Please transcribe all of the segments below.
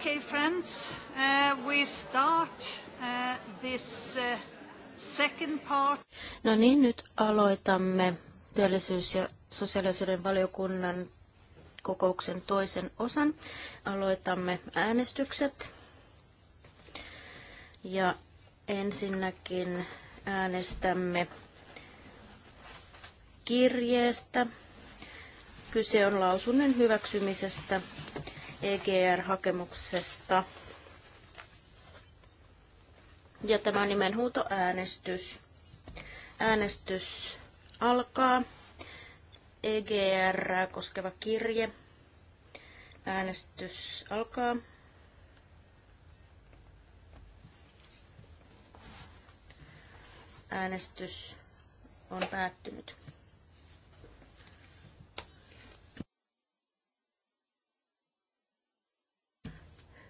Okay, friends, uh, we start uh, this uh, second part. No niin, nyt aloitamme työllisyys- ja sosiaalisuuden valiokunnan kokouksen toisen osan. Aloitamme äänestykset. Ja ensinnäkin äänestämme kirjeestä. Kyse on lausunnon hyväksymisestä EGR-hakemuksesta. Ja tämä on nimenhuutoäänestys. Äänestys alkaa. EGR koskeva kirje. Äänestys alkaa. Äänestys on päättynyt.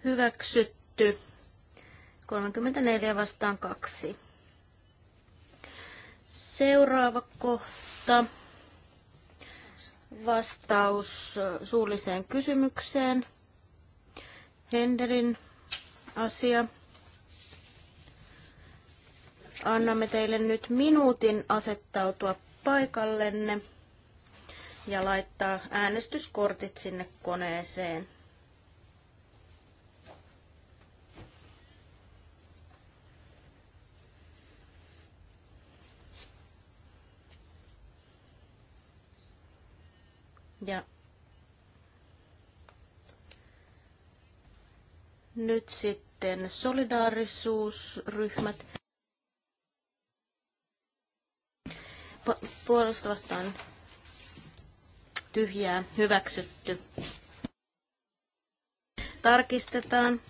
hyväksytty. 34 vastaan 2. Seuraava kohta. Vastaus suulliseen kysymykseen. Henderin asia. Annamme teille nyt minuutin asettautua paikallenne ja laittaa äänestyskortit sinne koneeseen. Ja nyt sitten solidaarisuusryhmät. Puolesta vastaan tyhjää hyväksytty. Tarkistetaan.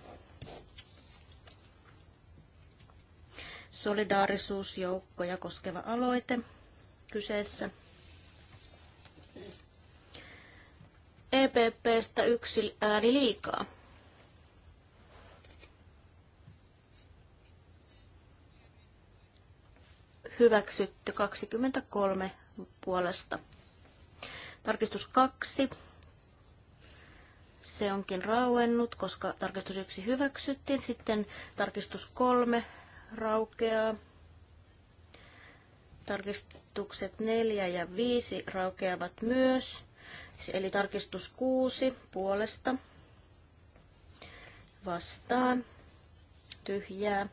Solidaarisuusjoukkoja koskeva aloite kyseessä. EPPstä yksi ääni liikaa. Hyväksytty 23 puolesta. Tarkistus 2. Se onkin rauennut, koska tarkistus 1 hyväksyttiin. Sitten tarkistus 3 raukeaa. Tarkistukset 4 ja 5 raukeavat myös. Eli tarkistus 6 puolesta vastaan tyhjää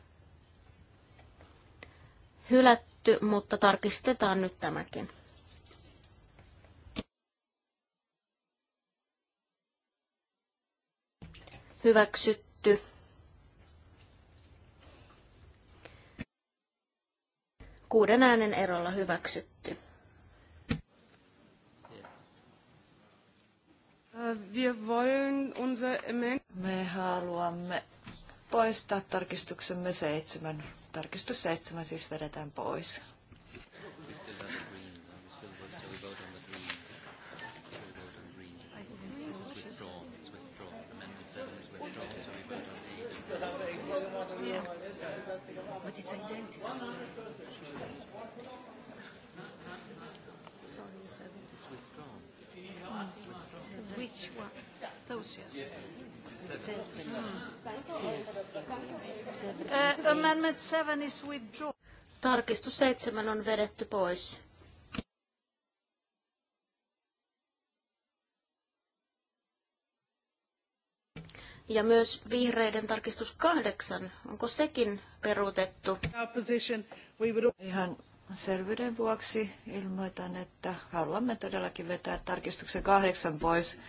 hylätty, mutta tarkistetaan nyt tämäkin. Hyväksytty. Kuuden äänen erolla hyväksytty. Me haluamme poistaa tarkistuksemme seitsemän. Tarkistus seitsemän siis vedetään pois. it's withdrawn. Which one? Those, yes. Uh, amendment is withdrawn. Tarkistus seitsemän on vedetty pois. Ja myös vihreiden tarkistus kahdeksan. Onko sekin peruutettu? Ihan selvyyden vuoksi ilmoitan, että haluamme todellakin vetää tarkistuksen kahdeksan pois.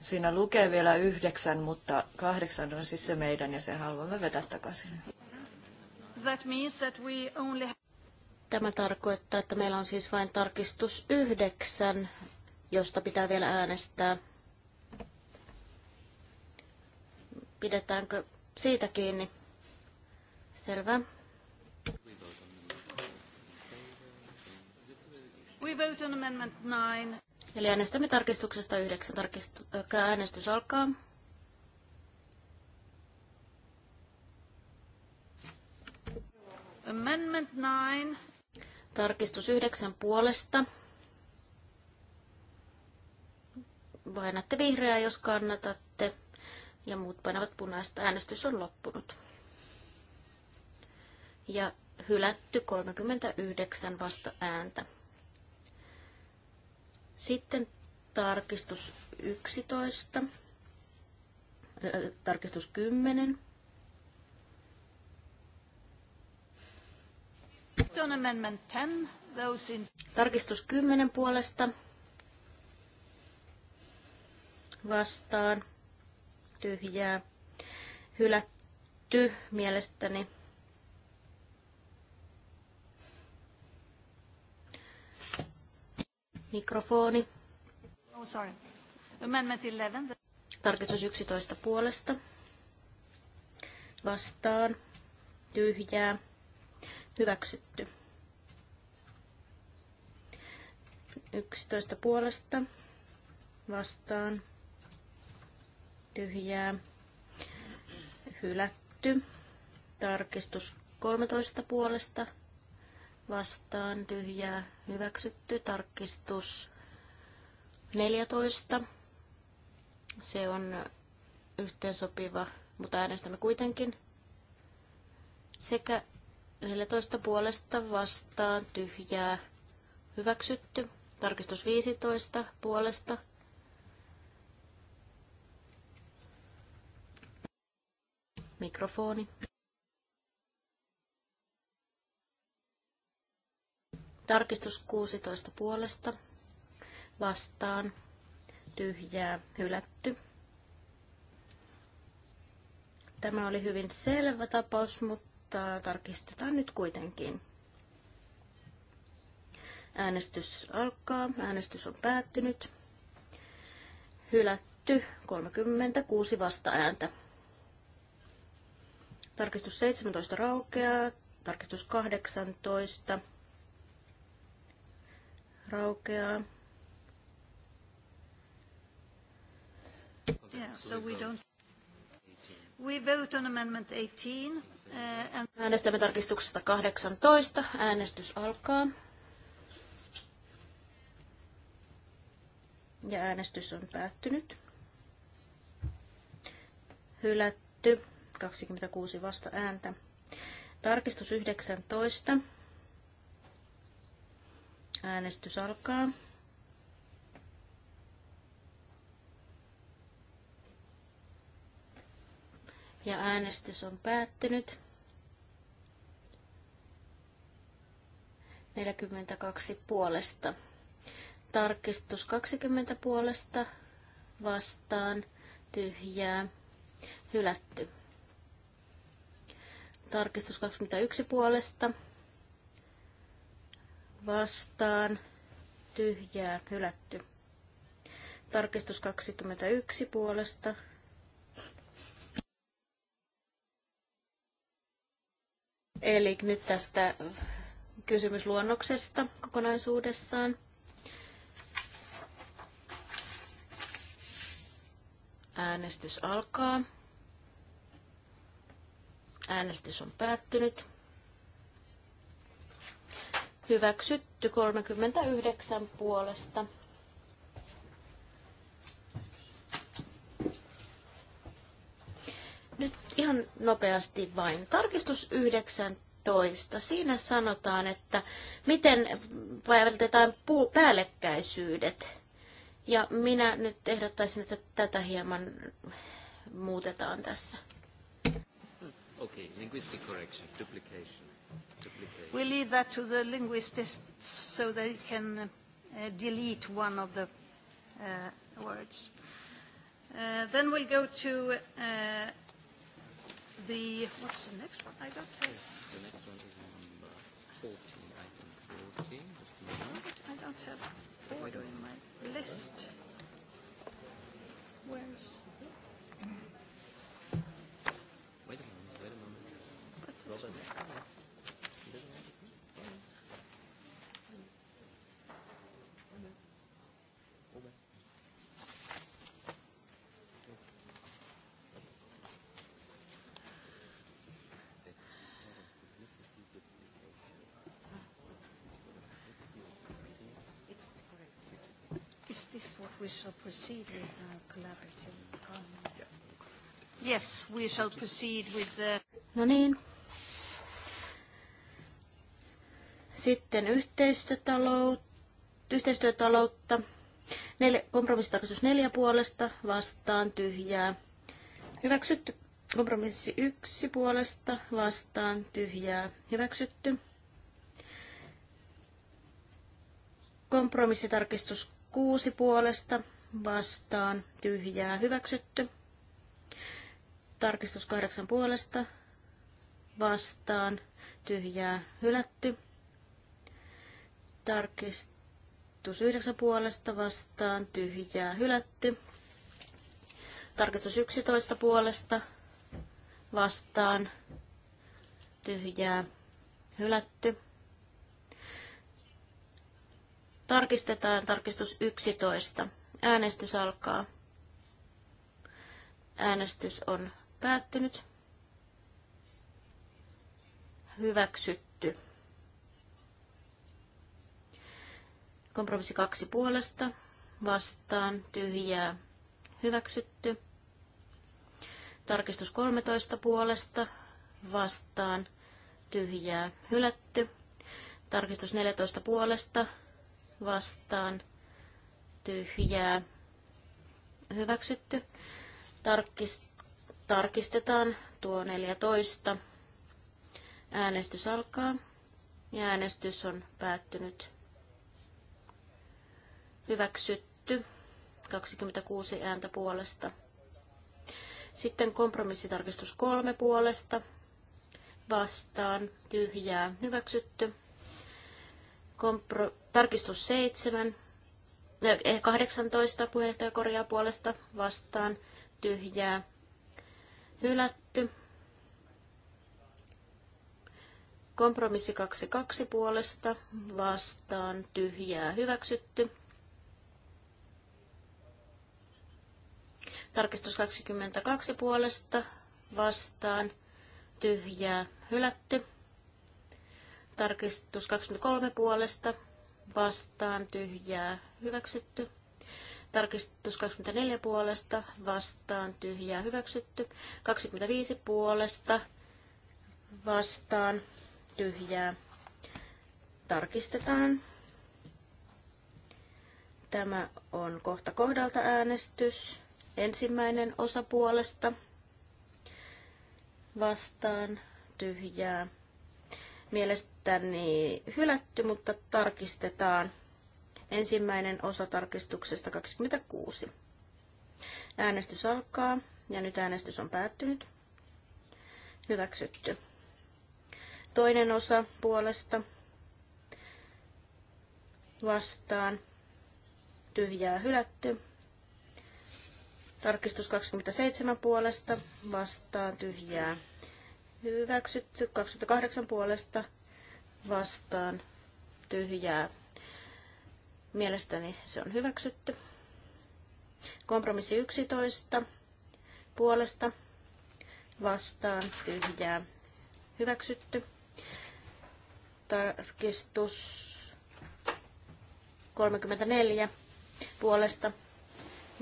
Siinä lukee vielä yhdeksän, mutta kahdeksan on siis se meidän ja sen haluamme vetää takaisin. That means that we only... Tämä tarkoittaa, että meillä on siis vain tarkistus yhdeksän, josta pitää vielä äänestää. Pidetäänkö siitä kiinni? Selvä. We vote on amendment Eli äänestämme tarkistuksesta yhdeksän. Tarkistu- äh, äänestys alkaa. Amendment 9. Tarkistus yhdeksän puolesta. Painatte vihreää, jos kannatatte, ja muut painavat punaista. Äänestys on loppunut. Ja hylätty 39 vasta ääntä. Sitten tarkistus 11, äh, tarkistus 10. Tarkistus 10 puolesta vastaan tyhjää hylätty mielestäni Mikrofoni. Oh, sorry. Amendment 11. Tarkistus 11 puolesta. Vastaan. Tyhjää. Hyväksytty. 11 puolesta. Vastaan. Tyhjää. Hylätty. Tarkistus 13 puolesta vastaan tyhjää hyväksytty tarkistus 14. Se on yhteensopiva, mutta äänestämme kuitenkin. Sekä 14 puolesta vastaan tyhjää hyväksytty. Tarkistus 15 puolesta mikrofoni. Tarkistus 16 puolesta vastaan tyhjää hylätty. Tämä oli hyvin selvä tapaus, mutta tarkistetaan nyt kuitenkin. Äänestys alkaa, äänestys on päättynyt. Hylätty 36 vasta-ääntä. Tarkistus 17 raukeaa, tarkistus 18 raukeaa. Äänestämme tarkistuksesta 18. Äänestys alkaa. Ja äänestys on päättynyt. Hylätty. 26 vasta ääntä. Tarkistus 19. Äänestys alkaa. Ja äänestys on päättynyt. 42 puolesta. Tarkistus 20 puolesta vastaan tyhjää hylätty. Tarkistus 21 puolesta vastaan, tyhjää, hylätty. Tarkistus 21 puolesta. Eli nyt tästä kysymysluonnoksesta kokonaisuudessaan. Äänestys alkaa. Äänestys on päättynyt. Hyväksytty 39 puolesta. Nyt ihan nopeasti vain. Tarkistus 19. Siinä sanotaan, että miten päivitetään päällekkäisyydet. Ja minä nyt ehdottaisin, että tätä hieman muutetaan tässä. Okay, linguistic correction, duplication. We leave that to the linguists so they can uh, delete one of the uh, words. Uh, then we'll go to uh, the... What's the next one? I don't have... Yes, the next one is number 14, item 14. Just a moment. I don't have order in my list. Where's... we shall proceed with the... No niin. Sitten yhteistyötaloutta. yhteistyötaloutta. Nel, kompromissitarkastus neljä puolesta vastaan tyhjää. Hyväksytty. Kompromissi yksi puolesta vastaan tyhjää. Hyväksytty. Kompromissitarkistus kuusi puolesta vastaan tyhjää. Hyväksytty. Tarkistus kahdeksan puolesta vastaan tyhjää hylätty. Tarkistus yhdeksän puolesta vastaan tyhjää hylätty. Tarkistus 11 puolesta vastaan tyhjää hylätty. Tarkistetaan tarkistus 11. Äänestys alkaa. Äänestys on Päättynyt. Hyväksytty. Kompromissi kaksi puolesta. Vastaan. Tyhjää. Hyväksytty. Tarkistus 13 puolesta. Vastaan. Tyhjää. Hylätty. Tarkistus 14 puolesta. Vastaan. Tyhjää. Hyväksytty. Tarkistus Tarkistetaan tuo 14. Äänestys alkaa ja äänestys on päättynyt. Hyväksytty. 26 ääntä puolesta. Sitten kompromissitarkistus kolme puolesta. Vastaan. Tyhjää. Hyväksytty. Kompro- tarkistus 7. 18 eh, korjaa puolesta vastaan. Tyhjää. Hylätty. Kompromissi 22 puolesta vastaan tyhjää hyväksytty. Tarkistus 22 puolesta vastaan tyhjää hylätty. Tarkistus 23 puolesta vastaan tyhjää hyväksytty. Tarkistus 24 puolesta vastaan tyhjää hyväksytty. 25 puolesta vastaan tyhjää. Tarkistetaan. Tämä on kohta kohdalta äänestys. Ensimmäinen osa puolesta vastaan tyhjää. Mielestäni hylätty, mutta tarkistetaan. Ensimmäinen osa tarkistuksesta 26. Äänestys alkaa ja nyt äänestys on päättynyt. Hyväksytty. Toinen osa puolesta vastaan tyhjää hylätty. Tarkistus 27 puolesta vastaan tyhjää hyväksytty. 28 puolesta vastaan tyhjää Mielestäni se on hyväksytty. Kompromissi 11 puolesta vastaan tyhjää hyväksytty. Tarkistus 34 puolesta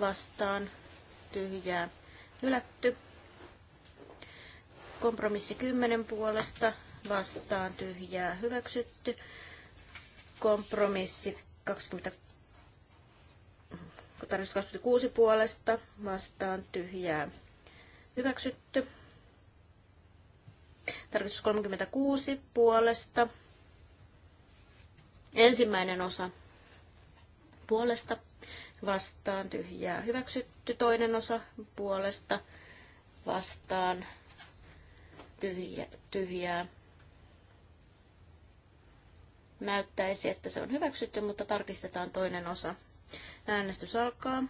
vastaan tyhjää hylätty. Kompromissi 10 puolesta vastaan tyhjää hyväksytty. Kompromissi 20, tarkistus 26 puolesta vastaan tyhjää hyväksytty. Tarkoitus 36 puolesta. Ensimmäinen osa puolesta vastaan tyhjää hyväksytty. Toinen osa puolesta vastaan tyhjää, tyhjää näyttäisi, että se on hyväksytty, mutta tarkistetaan toinen osa. Äänestys alkaa.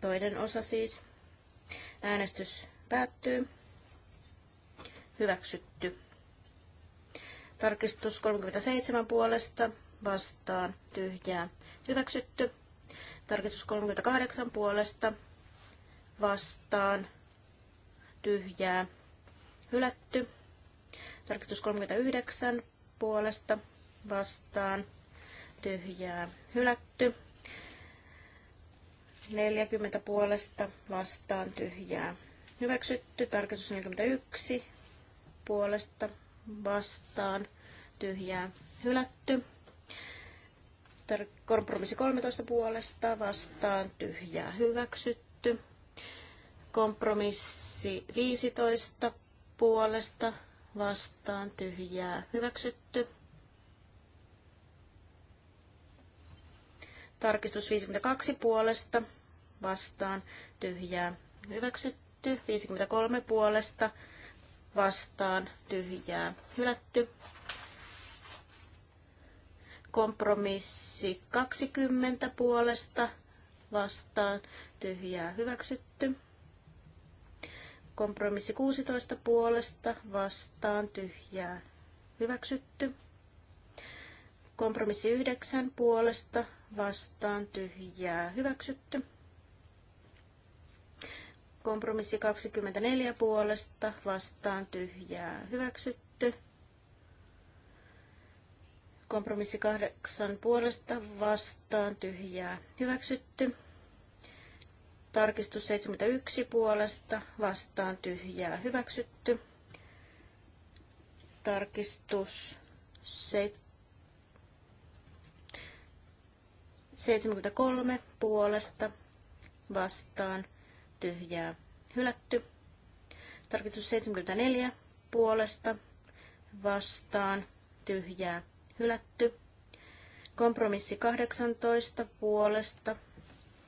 Toinen osa siis. Äänestys päättyy. Hyväksytty. Tarkistus 37 puolesta vastaan tyhjää. Hyväksytty. Tarkistus 38 puolesta vastaan tyhjää. Hylätty. Tarkistus 39 puolesta vastaan tyhjää hylätty. 40 puolesta vastaan tyhjää hyväksytty. Tarkistus 41 puolesta vastaan tyhjää hylätty. Kompromissi 13 puolesta vastaan tyhjää hyväksytty. Kompromissi 15 puolesta vastaan tyhjää hyväksytty. Tarkistus 52 puolesta vastaan tyhjää hyväksytty. 53 puolesta vastaan tyhjää hylätty. Kompromissi 20 puolesta vastaan tyhjää hyväksytty. Kompromissi 16 puolesta vastaan tyhjää hyväksytty. Kompromissi 9 puolesta vastaan tyhjää hyväksytty. Kompromissi 24 puolesta vastaan tyhjää hyväksytty. Kompromissi 8 puolesta vastaan tyhjää hyväksytty. Tarkistus 71 puolesta vastaan tyhjää hyväksytty. Tarkistus 73 puolesta vastaan tyhjää hylätty. Tarkistus 74 puolesta vastaan tyhjää hylätty. Kompromissi 18 puolesta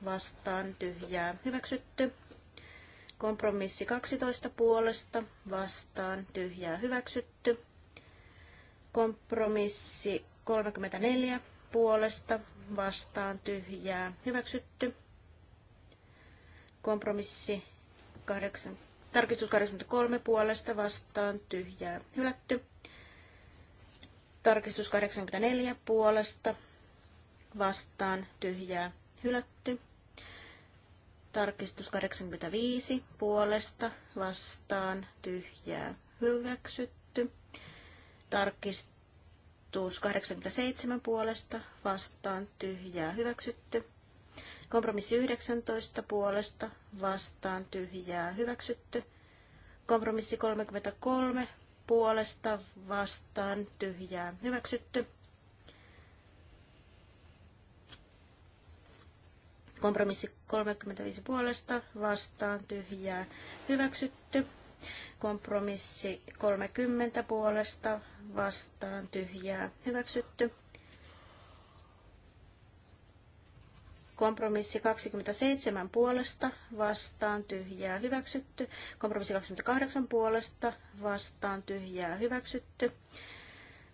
vastaan tyhjää hyväksytty. Kompromissi 12 puolesta vastaan tyhjää hyväksytty. Kompromissi 34 puolesta vastaan tyhjää hyväksytty. Kompromissi 8, tarkistus 83 puolesta vastaan tyhjää hylätty. Tarkistus 84 puolesta vastaan tyhjää hylätty. Tarkistus 85 puolesta vastaan tyhjää hyväksytty. Tarkistus 87 puolesta vastaan tyhjää hyväksytty. Kompromissi 19 puolesta vastaan tyhjää hyväksytty. Kompromissi 33 puolesta vastaan tyhjää hyväksytty. Kompromissi 35 puolesta vastaan tyhjää hyväksytty. Kompromissi 30 puolesta vastaan tyhjää hyväksytty. Kompromissi 27 puolesta vastaan tyhjää hyväksytty. Kompromissi 28 puolesta vastaan tyhjää hyväksytty.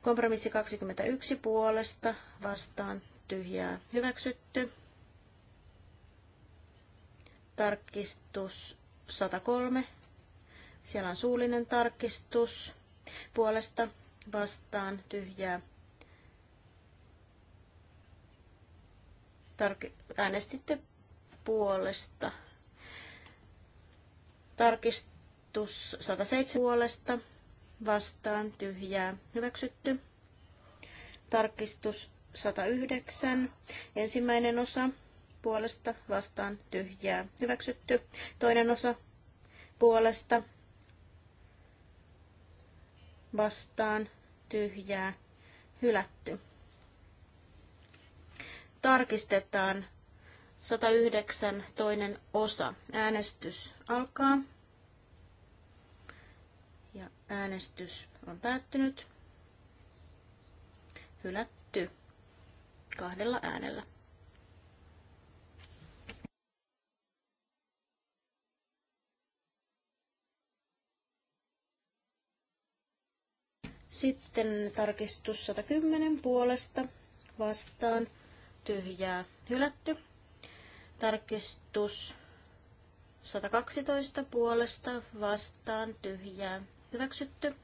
Kompromissi 21 puolesta vastaan tyhjää hyväksytty. Tarkistus 103. Siellä on suullinen tarkistus puolesta vastaan tyhjää. Tarki- äänestitte puolesta. Tarkistus 107 puolesta vastaan tyhjää hyväksytty. Tarkistus 109 ensimmäinen osa puolesta vastaan tyhjää hyväksytty. Toinen osa puolesta vastaan tyhjää hylätty. Tarkistetaan 109 toinen osa. Äänestys alkaa. Ja äänestys on päättynyt. Hylätty kahdella äänellä. Sitten tarkistus 110 puolesta vastaan tyhjää hylätty. Tarkistus 112 puolesta vastaan tyhjää hyväksytty.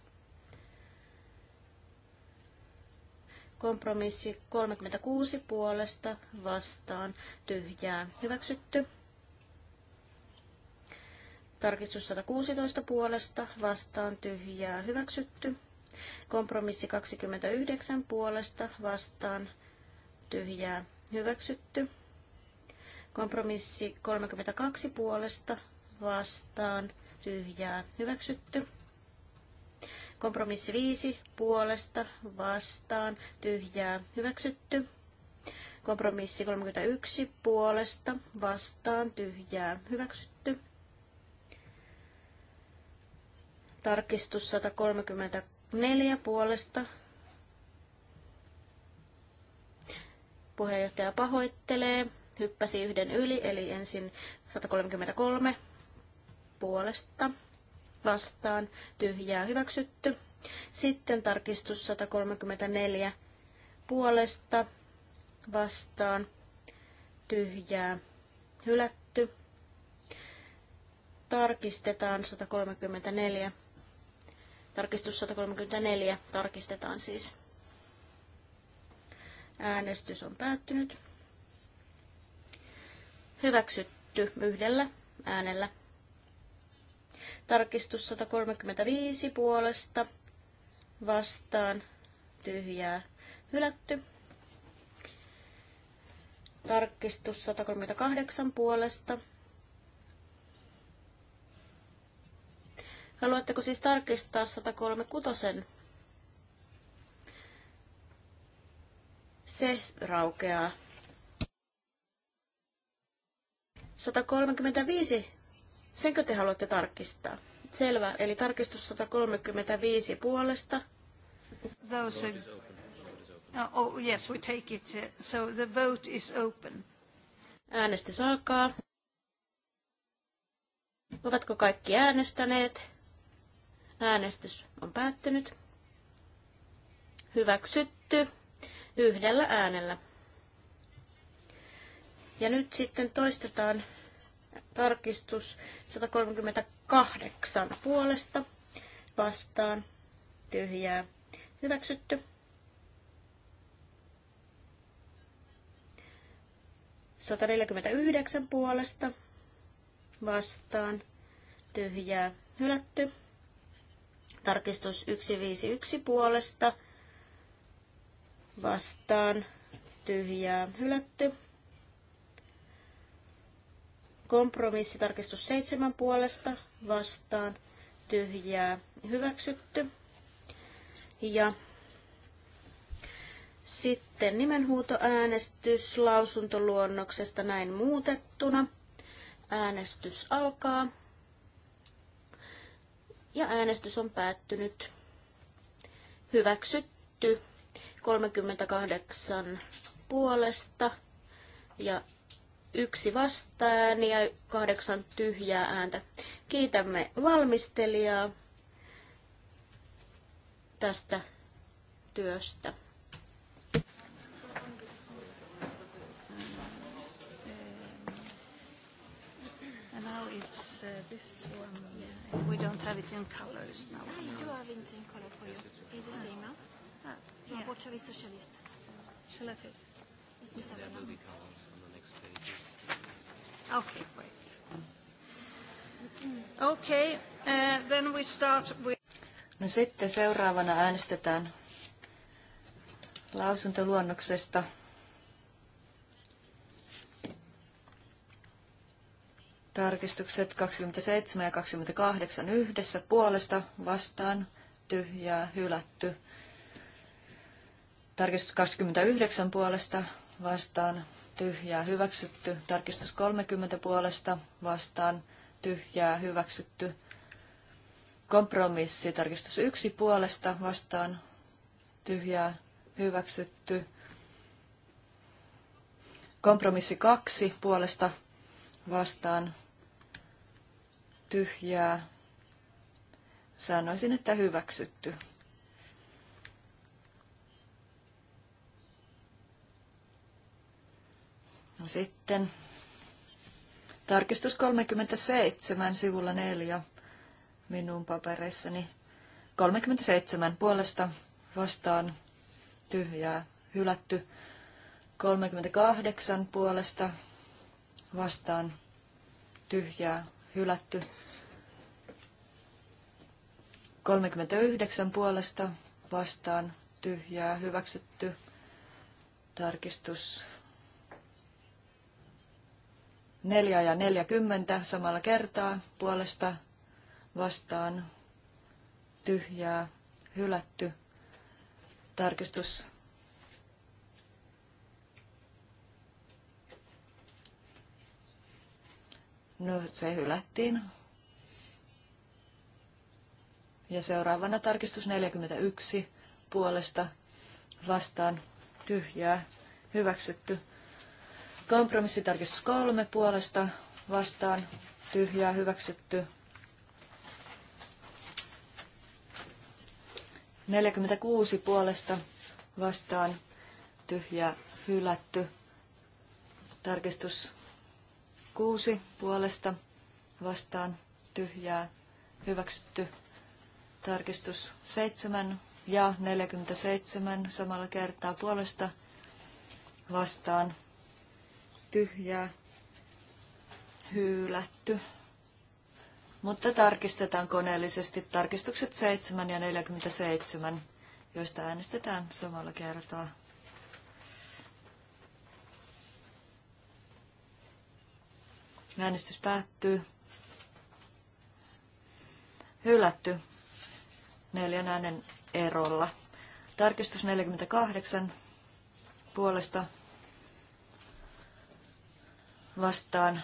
Kompromissi 36 puolesta vastaan tyhjää hyväksytty. Tarkistus 116 puolesta vastaan tyhjää hyväksytty. Kompromissi 29 puolesta vastaan tyhjää hyväksytty. Kompromissi 32 puolesta vastaan tyhjää hyväksytty. Kompromissi 5 puolesta vastaan tyhjää hyväksytty. Kompromissi 31 puolesta vastaan tyhjää hyväksytty. Tarkistus 132 Neljä puolesta. Puheenjohtaja pahoittelee. Hyppäsi yhden yli, eli ensin 133 puolesta vastaan tyhjää hyväksytty. Sitten tarkistus 134 puolesta vastaan tyhjää hylätty. Tarkistetaan 134 Tarkistus 134 tarkistetaan siis. Äänestys on päättynyt. Hyväksytty yhdellä äänellä. Tarkistus 135 puolesta vastaan tyhjää hylätty. Tarkistus 138 puolesta Haluatteko siis tarkistaa 136? Se raukeaa. 135. Senkö te haluatte tarkistaa? Selvä, eli tarkistus 135 puolesta. Those are... Oh, oh, yes, we take it. So the vote is open. Äänestys alkaa. Ovatko kaikki äänestäneet? Äänestys on päättynyt. Hyväksytty yhdellä äänellä. Ja nyt sitten toistetaan tarkistus 138 puolesta vastaan tyhjää hyväksytty. 149 puolesta vastaan tyhjää hylätty. Tarkistus 151 puolesta vastaan tyhjää hylätty. tarkistus 7 puolesta vastaan tyhjää hyväksytty. Ja sitten nimenhuutoäänestys lausuntoluonnoksesta näin muutettuna. Äänestys alkaa. Ja äänestys on päättynyt. Hyväksytty 38 puolesta ja yksi vastaan ja kahdeksan tyhjää ääntä. Kiitämme valmistelijaa tästä työstä. now it's uh, this one. Yeah. We don't have it in colors now. Ah, you do have it in color for you. It's the same now. Ah, no, yeah. No, Borchard is socialist. So. Shall I take? It's the there will be colors on the next page. Okay, great. Okay, uh, then we start with... No sitten seuraavana äänestetään lausuntoluonnoksesta. Tarkistukset 27 ja 28 yhdessä puolesta vastaan tyhjää hylätty. Tarkistus 29 puolesta vastaan tyhjää hyväksytty. Tarkistus 30 puolesta vastaan tyhjää hyväksytty. Kompromissi tarkistus 1 puolesta vastaan tyhjää hyväksytty. Kompromissi 2 puolesta vastaan tyhjää. Sanoisin, että hyväksytty. No sitten tarkistus 37 sivulla 4 minun papereissani. 37 puolesta vastaan tyhjää hylätty. 38 puolesta vastaan tyhjää hylätty. 39 puolesta vastaan tyhjää hyväksytty. Tarkistus 4 ja 40 samalla kertaa puolesta vastaan tyhjää hylätty. Tarkistus No, se hylättiin. Ja seuraavana tarkistus 41 puolesta vastaan tyhjää hyväksytty. Kompromissitarkistus 3 puolesta vastaan tyhjää hyväksytty. 46 puolesta vastaan tyhjää hylätty. Tarkistus kuusi puolesta vastaan tyhjää hyväksytty. Tarkistus 7 ja 47 samalla kertaa puolesta vastaan tyhjää hyylätty. Mutta tarkistetaan koneellisesti tarkistukset 7 ja 47, joista äänestetään samalla kertaa. Äänestys päättyy. Hylätty neljän äänen erolla. Tarkistus 48 puolesta vastaan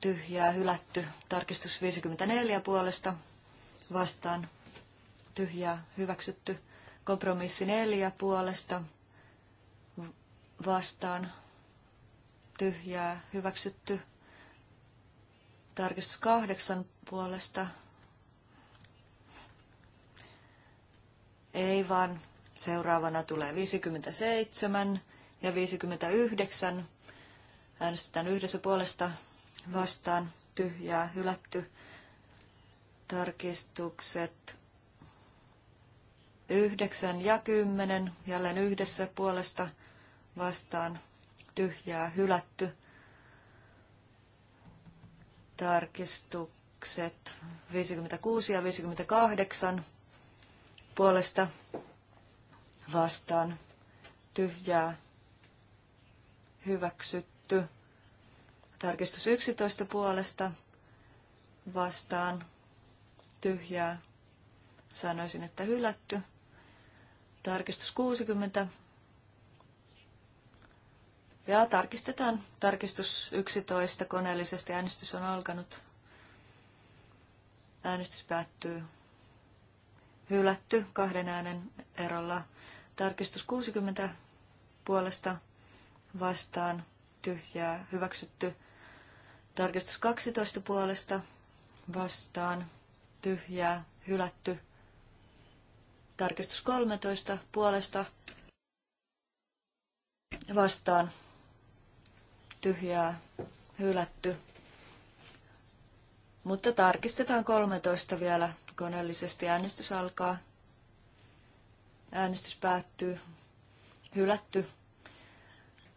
tyhjää hylätty. Tarkistus 54 puolesta vastaan tyhjää hyväksytty. Kompromissi 4 puolesta vastaan tyhjää hyväksytty. Tarkistus kahdeksan puolesta. Ei vaan. Seuraavana tulee 57 ja 59. Äänestetään yhdessä puolesta vastaan. Tyhjää, hylätty. Tarkistukset 9 ja 10. Jälleen yhdessä puolesta vastaan. Tyhjää, hylätty. Tarkistukset 56 ja 58 puolesta vastaan tyhjää hyväksytty. Tarkistus 11 puolesta vastaan tyhjää. Sanoisin, että hylätty. Tarkistus 60 ja tarkistetaan tarkistus 11 koneellisesti. Äänestys on alkanut. Äänestys päättyy. Hylätty kahden äänen erolla. Tarkistus 60 puolesta vastaan tyhjää hyväksytty. Tarkistus 12 puolesta vastaan tyhjää hylätty. Tarkistus 13 puolesta vastaan tyhjää, hylätty. Mutta tarkistetaan 13 vielä koneellisesti. Äänestys alkaa. Äänestys päättyy. Hylätty.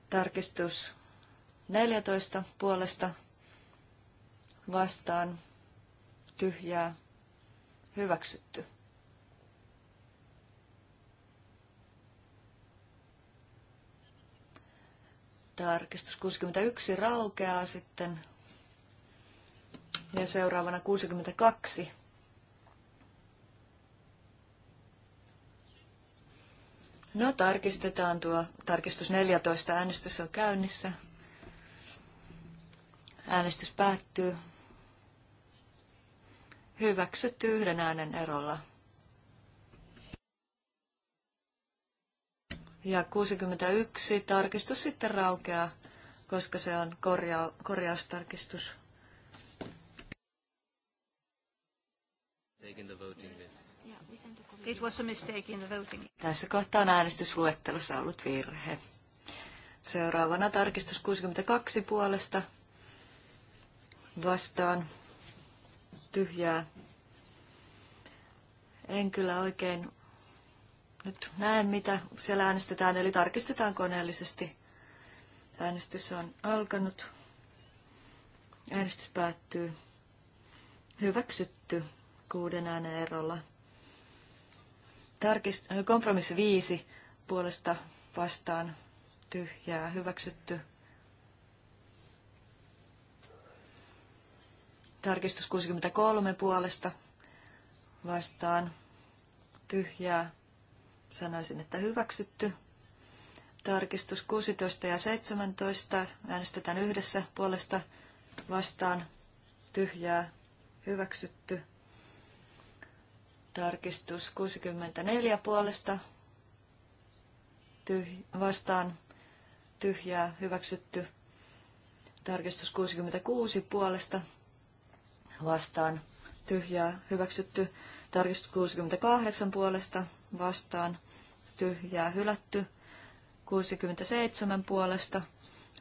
Tarkistus 14 puolesta vastaan tyhjää hyväksytty. Tarkistus 61 raukeaa sitten. Ja seuraavana 62. No tarkistetaan tuo tarkistus 14. Äänestys on käynnissä. Äänestys päättyy. Hyväksytty yhden äänen erolla. Ja 61 tarkistus sitten raukeaa, koska se on korja- korjaustarkistus. It was a mistake in the voting. Tässä kohtaa on äänestysluettelossa ollut virhe. Seuraavana tarkistus 62 puolesta vastaan tyhjää. En kyllä oikein nyt näe, mitä siellä äänestetään, eli tarkistetaan koneellisesti. Äänestys on alkanut. Äänestys päättyy. Hyväksytty kuuden äänen erolla. Tarkist- kompromissi viisi puolesta vastaan tyhjää hyväksytty. Tarkistus 63 puolesta vastaan tyhjää Sanoisin, että hyväksytty. Tarkistus 16 ja 17. Äänestetään yhdessä puolesta vastaan. Tyhjää. Hyväksytty. Tarkistus 64 puolesta tyh- vastaan tyhjää hyväksytty. Tarkistus 66 puolesta vastaan tyhjää hyväksytty. Tarkistus 68 puolesta vastaan tyhjää hylätty. 67 puolesta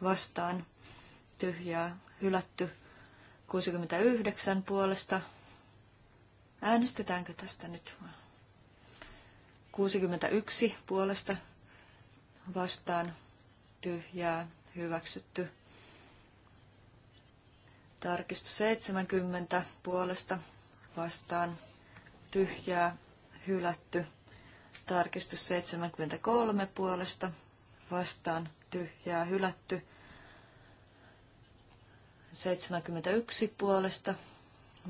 vastaan tyhjää hylätty. 69 puolesta. Äänestetäänkö tästä nyt? 61 puolesta vastaan tyhjää hyväksytty. Tarkistus 70 puolesta vastaan tyhjää hylätty. Tarkistus 73 puolesta vastaan tyhjää hylätty. 71 puolesta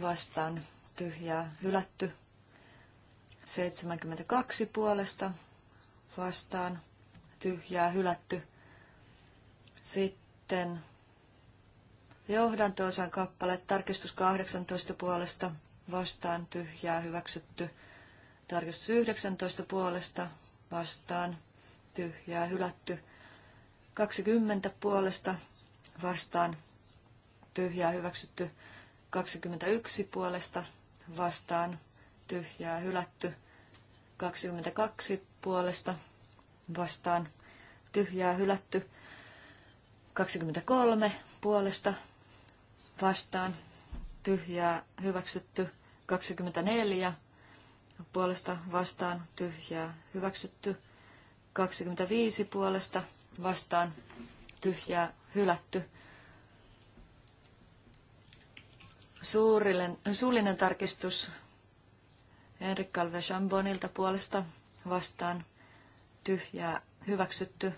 vastaan tyhjää hylätty. 72 puolesta vastaan tyhjää hylätty. Sitten johdanto-osan kappale tarkistus 18 puolesta vastaan tyhjää hyväksytty. Tarkistus 19 puolesta vastaan tyhjää hylätty. 20 puolesta vastaan tyhjää hyväksytty. 21 puolesta vastaan tyhjää hylätty. 22 puolesta vastaan tyhjää hylätty. 23 puolesta vastaan tyhjää hyväksytty. 24 puolesta vastaan tyhjää hyväksytty. 25 puolesta vastaan tyhjää hylätty. Suurille, suullinen tarkistus Henrik Calve Chambonilta puolesta vastaan tyhjää hyväksytty.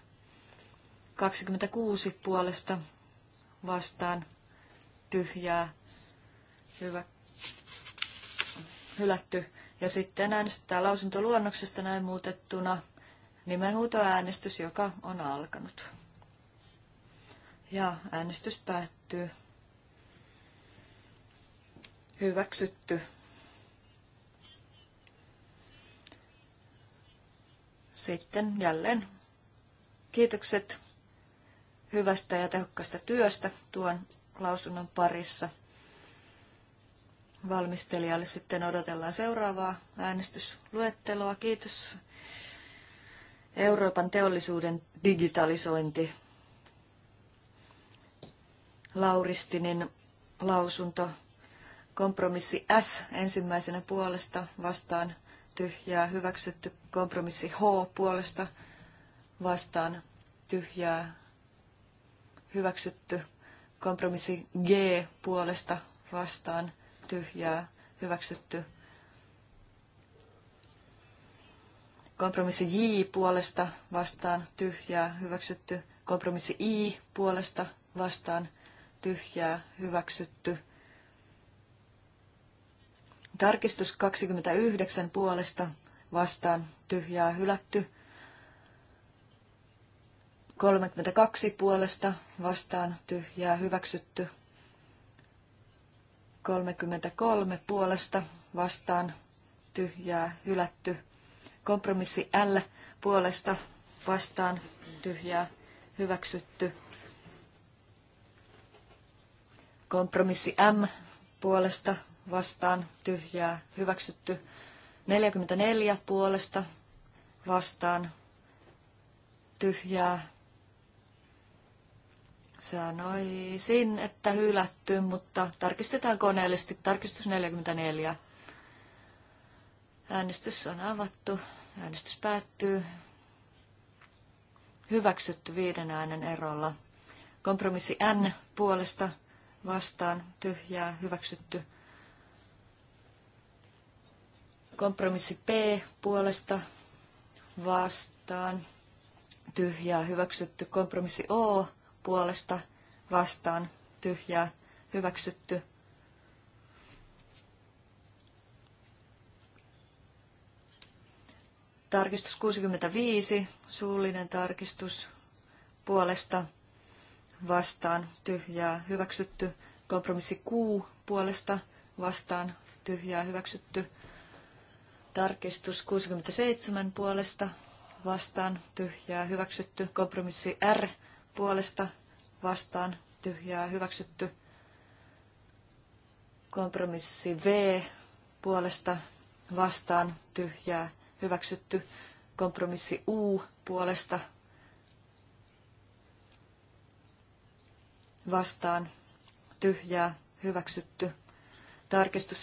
26 puolesta vastaan tyhjää hyvä, hylätty. Ja sitten äänestetään lausuntoluonnoksesta näin muutettuna nimenhuutoäänestys, joka on alkanut. Ja äänestys päättyy. Hyväksytty. Sitten jälleen kiitokset hyvästä ja tehokkaasta työstä tuon lausunnon parissa valmistelijalle sitten odotellaan seuraavaa äänestysluetteloa. Kiitos. Euroopan teollisuuden digitalisointi. Lauristinin lausunto. Kompromissi S ensimmäisenä puolesta vastaan tyhjää hyväksytty. Kompromissi H puolesta vastaan tyhjää hyväksytty. Kompromissi G puolesta vastaan tyhjää hyväksytty. Kompromissi J puolesta vastaan tyhjää hyväksytty. Kompromissi I puolesta vastaan tyhjää hyväksytty. Tarkistus 29 puolesta vastaan tyhjää hylätty. 32 puolesta vastaan tyhjää hyväksytty. 33 puolesta vastaan tyhjää hylätty. Kompromissi L puolesta vastaan tyhjää hyväksytty. Kompromissi M puolesta vastaan tyhjää hyväksytty. 44 puolesta vastaan tyhjää Sanoisin, että hylätty, mutta tarkistetaan koneellisesti. Tarkistus 44. Äänestys on avattu. Äänestys päättyy. Hyväksytty viiden äänen erolla. Kompromissi N puolesta vastaan tyhjää hyväksytty. Kompromissi P puolesta vastaan tyhjää hyväksytty. Kompromissi O puolesta vastaan tyhjää hyväksytty. Tarkistus 65, suullinen tarkistus puolesta vastaan tyhjää hyväksytty. Kompromissi Q puolesta vastaan tyhjää hyväksytty. Tarkistus 67 puolesta vastaan tyhjää hyväksytty. Kompromissi R puolesta vastaan tyhjää hyväksytty. Kompromissi V puolesta vastaan tyhjää hyväksytty. Kompromissi U puolesta vastaan tyhjää hyväksytty. Tarkistus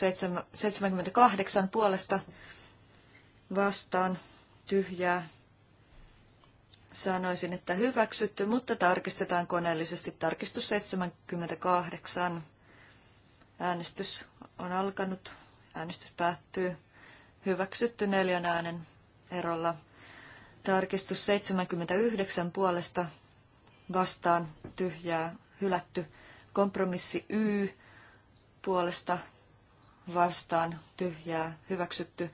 78 puolesta vastaan tyhjää Sanoisin, että hyväksytty, mutta tarkistetaan koneellisesti. Tarkistus 78. Äänestys on alkanut. Äänestys päättyy. Hyväksytty neljän äänen erolla. Tarkistus 79 puolesta vastaan tyhjää hylätty. Kompromissi Y puolesta vastaan tyhjää hyväksytty.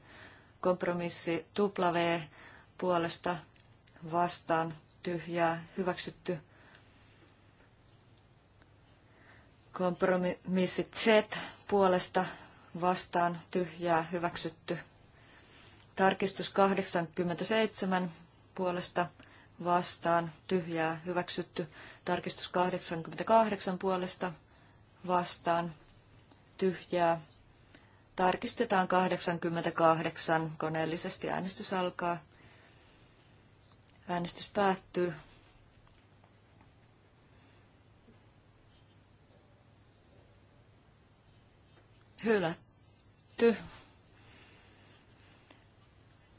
Kompromissi W puolesta vastaan tyhjää hyväksytty. Kompromissi Z puolesta vastaan tyhjää hyväksytty. Tarkistus 87 puolesta vastaan tyhjää hyväksytty. Tarkistus 88 puolesta vastaan tyhjää. Tarkistetaan 88. Koneellisesti äänestys alkaa. Äänestys päättyy. Hylätty.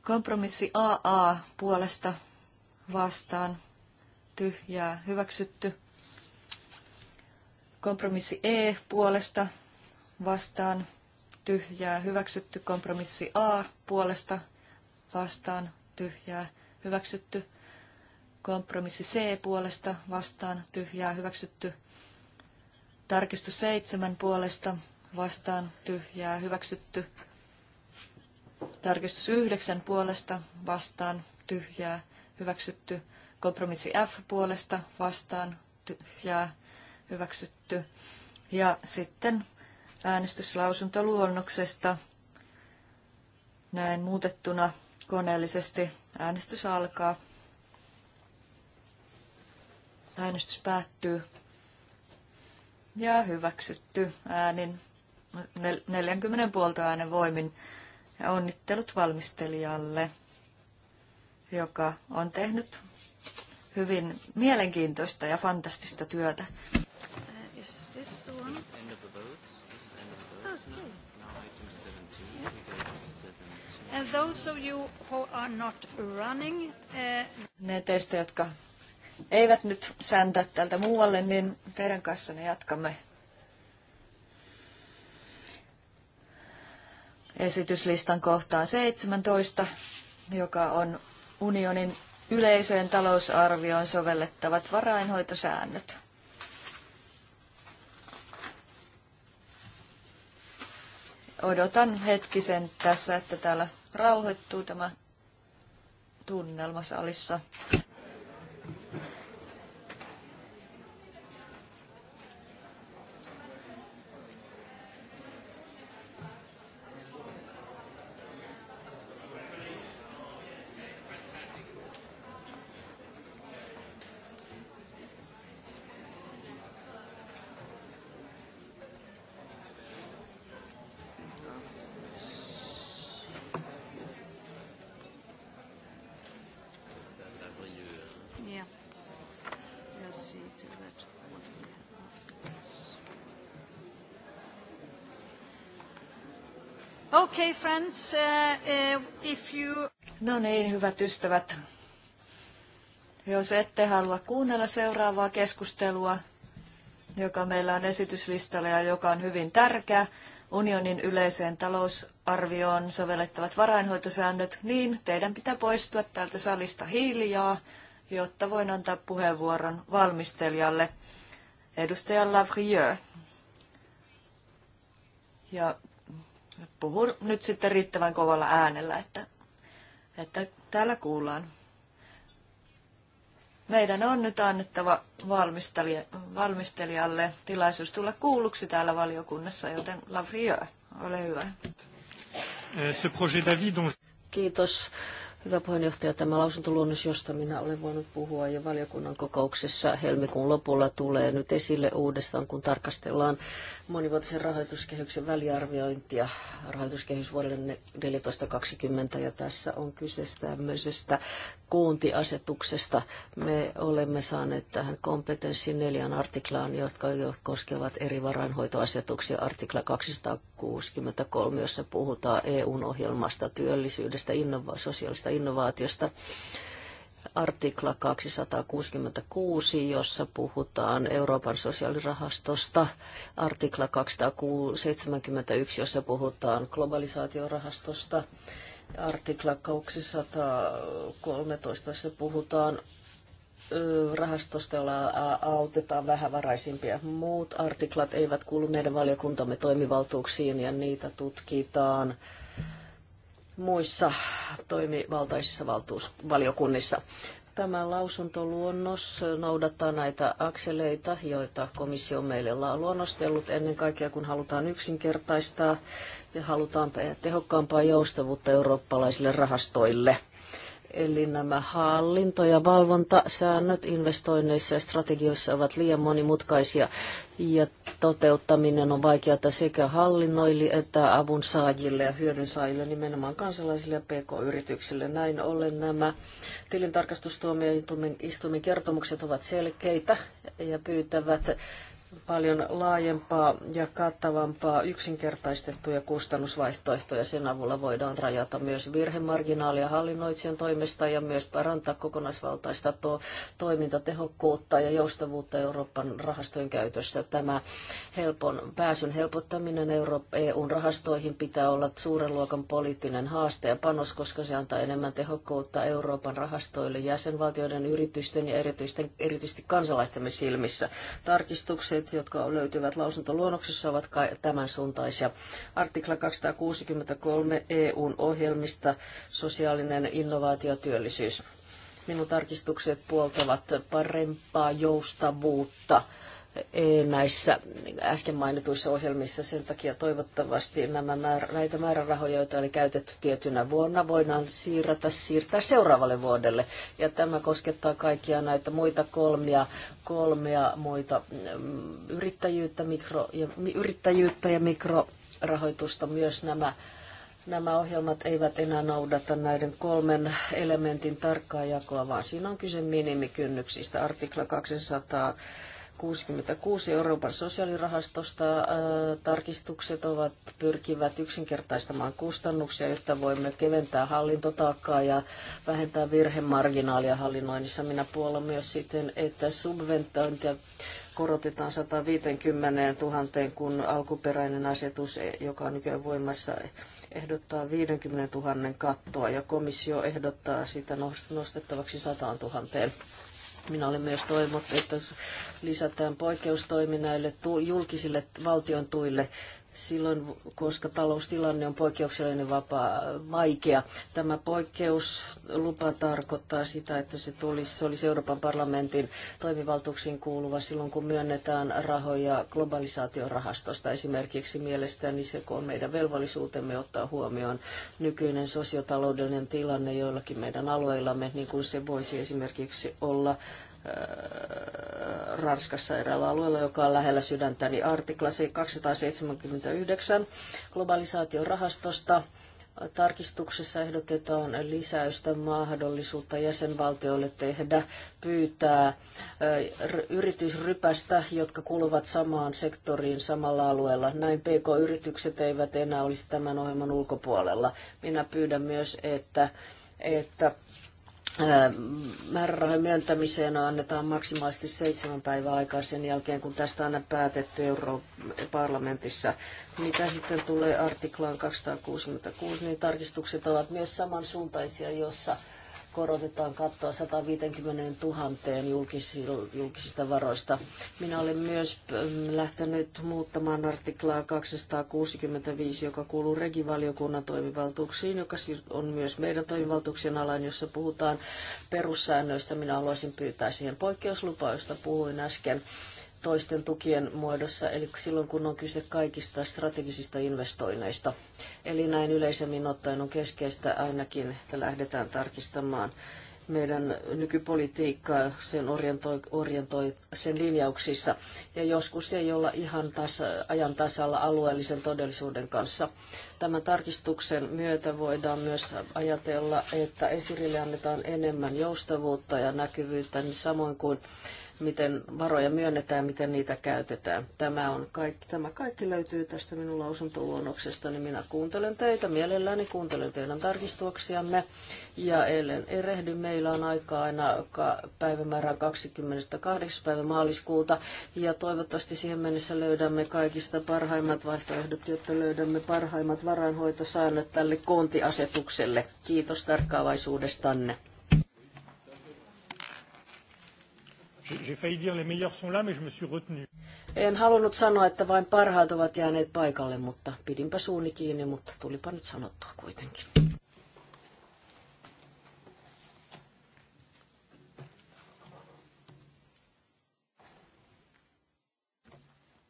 Kompromissi AA puolesta vastaan tyhjää hyväksytty. Kompromissi E puolesta vastaan tyhjää hyväksytty. Kompromissi A puolesta vastaan tyhjää hyväksytty. Kompromissi C puolesta vastaan tyhjää hyväksytty. Tarkistus 7 puolesta vastaan tyhjää hyväksytty. Tarkistus 9 puolesta vastaan tyhjää hyväksytty. Kompromissi F puolesta vastaan tyhjää hyväksytty. Ja sitten äänestyslausuntoluonnoksesta näin muutettuna koneellisesti äänestys alkaa. Äänestys päättyy. Ja hyväksytty äänin 40 puolta äänen voimin. Ja onnittelut valmistelijalle, joka on tehnyt hyvin mielenkiintoista ja fantastista työtä. Uh, uh, ne teistä, jotka eivät nyt säntä tältä muualle, niin teidän kanssanne jatkamme esityslistan kohtaan 17, joka on unionin yleiseen talousarvioon sovellettavat varainhoitosäännöt. Odotan hetkisen tässä, että täällä rauhoittuu tämä tunnelma salissa. Okay, friends, uh, uh, if you... No niin, hyvät ystävät. Jos ette halua kuunnella seuraavaa keskustelua, joka meillä on esityslistalla ja joka on hyvin tärkeä, unionin yleiseen talousarvioon sovellettavat varainhoitosäännöt, niin teidän pitää poistua täältä salista hiljaa, jotta voin antaa puheenvuoron valmistelijalle, edustaja Lavrieux. Ja Puhun nyt sitten riittävän kovalla äänellä, että, että täällä kuullaan. Meidän on nyt annettava valmistelijalle tilaisuus tulla kuulluksi täällä valiokunnassa, joten Lavrieux, ole hyvä. Eh, Kiitos Hyvä puheenjohtaja, tämä lausuntoluonnos, josta minä olen voinut puhua jo valiokunnan kokouksessa helmikuun lopulla, tulee nyt esille uudestaan, kun tarkastellaan monivuotisen rahoituskehyksen väliarviointia rahoituskehys vuodelle 14.20. Ja tässä on kyse tämmöisestä koontiasetuksesta. Me olemme saaneet tähän kompetenssiin neljän artiklaan, jotka koskevat eri varainhoitoasetuksia. Artikla 263, jossa puhutaan EUn ohjelmasta, työllisyydestä, innova- sosiaalista innovaatiosta artikla 266, jossa puhutaan Euroopan sosiaalirahastosta, artikla 271, jossa puhutaan globalisaatiorahastosta, Artikla 213 puhutaan rahastosta, jolla autetaan vähävaraisimpia. Muut artiklat eivät kuulu meidän valiokuntamme toimivaltuuksiin ja niitä tutkitaan muissa toimivaltaisissa valiokunnissa. Tämä lausuntoluonnos noudattaa näitä akseleita, joita komissio meille on luonnostellut ennen kaikkea, kun halutaan yksinkertaistaa ja halutaan tehokkaampaa joustavuutta eurooppalaisille rahastoille. Eli nämä hallinto- ja valvontasäännöt investoinneissa ja strategioissa ovat liian monimutkaisia ja toteuttaminen on vaikeata sekä hallinnoille että avun saajille ja hyödyn saajille, nimenomaan kansalaisille ja pk-yrityksille. Näin ollen nämä tilintarkastustuomioistuimen kertomukset ovat selkeitä ja pyytävät paljon laajempaa ja kattavampaa yksinkertaistettuja kustannusvaihtoehtoja. Sen avulla voidaan rajata myös virhemarginaalia hallinnoitsijan toimesta ja myös parantaa kokonaisvaltaista to- toimintatehokkuutta ja joustavuutta Euroopan rahastojen käytössä. Tämä helpon pääsyn helpottaminen Euro- EUn rahastoihin pitää olla suuren luokan poliittinen haaste ja panos, koska se antaa enemmän tehokkuutta Euroopan rahastoille jäsenvaltioiden yritysten ja erityisten, erityisesti kansalaistemme silmissä. Tarkistuksen tavoitteet, jotka löytyvät lausuntoluonnoksessa, ovat tämän suuntaisia. Artikla 263 EUn ohjelmista sosiaalinen innovaatio työllisyys. Minun tarkistukset puoltavat parempaa joustavuutta E, näissä äsken mainituissa ohjelmissa. Sen takia toivottavasti nämä määrä, näitä määrärahoja, joita oli käytetty tietynä vuonna, voidaan siirrätä, siirtää seuraavalle vuodelle. Ja tämä koskettaa kaikkia näitä muita kolmia, kolmia muita mm, yrittäjyyttä, mikro, ja, yrittäjyyttä ja mikrorahoitusta myös nämä Nämä ohjelmat eivät enää noudata näiden kolmen elementin tarkkaa jakoa, vaan siinä on kyse minimikynnyksistä. Artikla 200 66 Euroopan sosiaalirahastosta. Tarkistukset ovat pyrkivät yksinkertaistamaan kustannuksia, jotta voimme keventää hallintotaakkaa ja vähentää virhemarginaalia hallinnoinnissa. Minä puolen myös siten, että subventointia korotetaan 150 000, kun alkuperäinen asetus, e, joka on nykyään voimassa, ehdottaa 50 000 kattoa ja komissio ehdottaa sitä nostettavaksi 100 000. Minä olen myös toivonut, että lisätään poikkeustoiminnalle julkisille valtion tuille silloin, koska taloustilanne on poikkeuksellinen vapaa, vaikea. Tämä poikkeuslupa tarkoittaa sitä, että se, tulisi, se olisi Euroopan parlamentin toimivaltuuksiin kuuluva silloin, kun myönnetään rahoja globalisaatiorahastosta esimerkiksi mielestäni se, kun on meidän velvollisuutemme ottaa huomioon nykyinen sosiotaloudellinen tilanne joillakin meidän alueillamme, niin kuin se voisi esimerkiksi olla Äh, Ranskassa eräällä alueella, joka on lähellä sydäntäni, artikla 279 globalisaation rahastosta. Tarkistuksessa ehdotetaan lisäystä mahdollisuutta jäsenvaltioille tehdä pyytää äh, yritysrypästä, jotka kuuluvat samaan sektoriin samalla alueella. Näin PK-yritykset eivät enää olisi tämän ohjelman ulkopuolella. Minä pyydän myös, että, että määrärahojen myöntämiseen annetaan maksimaalisesti seitsemän päivää aikaa sen jälkeen, kun tästä on päätetty parlamentissa, Mitä sitten tulee artiklaan 266, niin tarkistukset ovat myös samansuuntaisia, jossa korotetaan kattoa 150 000 julkisista varoista. Minä olen myös ähm, lähtenyt muuttamaan artiklaa 265, joka kuuluu regivaliokunnan toimivaltuuksiin, joka on myös meidän toimivaltuuksien alain, jossa puhutaan perussäännöistä. Minä haluaisin pyytää siihen josta puhuin äsken toisten tukien muodossa, eli silloin kun on kyse kaikista strategisista investoinneista. Eli näin yleisemmin ottaen on keskeistä ainakin, että lähdetään tarkistamaan meidän nykypolitiikkaa sen, orientoi, orientoi, sen linjauksissa. Ja joskus ei olla ihan tasa, ajan tasalla alueellisen todellisuuden kanssa. Tämän tarkistuksen myötä voidaan myös ajatella, että esirille annetaan enemmän joustavuutta ja näkyvyyttä, niin samoin kuin miten varoja myönnetään, miten niitä käytetään. Tämä, on kaikki, tämä kaikki löytyy tästä minun lausuntoluonnoksesta, niin minä kuuntelen teitä mielelläni, kuuntelen teidän tarkistuksianne. Ja eilen erehdy, meillä on aika aina päivämäärään 28. päivä maaliskuuta. Ja toivottavasti siihen mennessä löydämme kaikista parhaimmat vaihtoehdot, jotta löydämme parhaimmat varainhoitosäännöt tälle kontiasetukselle. Kiitos tarkkaavaisuudestanne. J'ai failli dire les meilleurs sont là, mais je me suis retenu. En halunnut sanoa, että vain parhaat ovat jääneet paikalle, mutta pidinpä suuni kiinni, mutta tulipa nyt sanottua kuitenkin.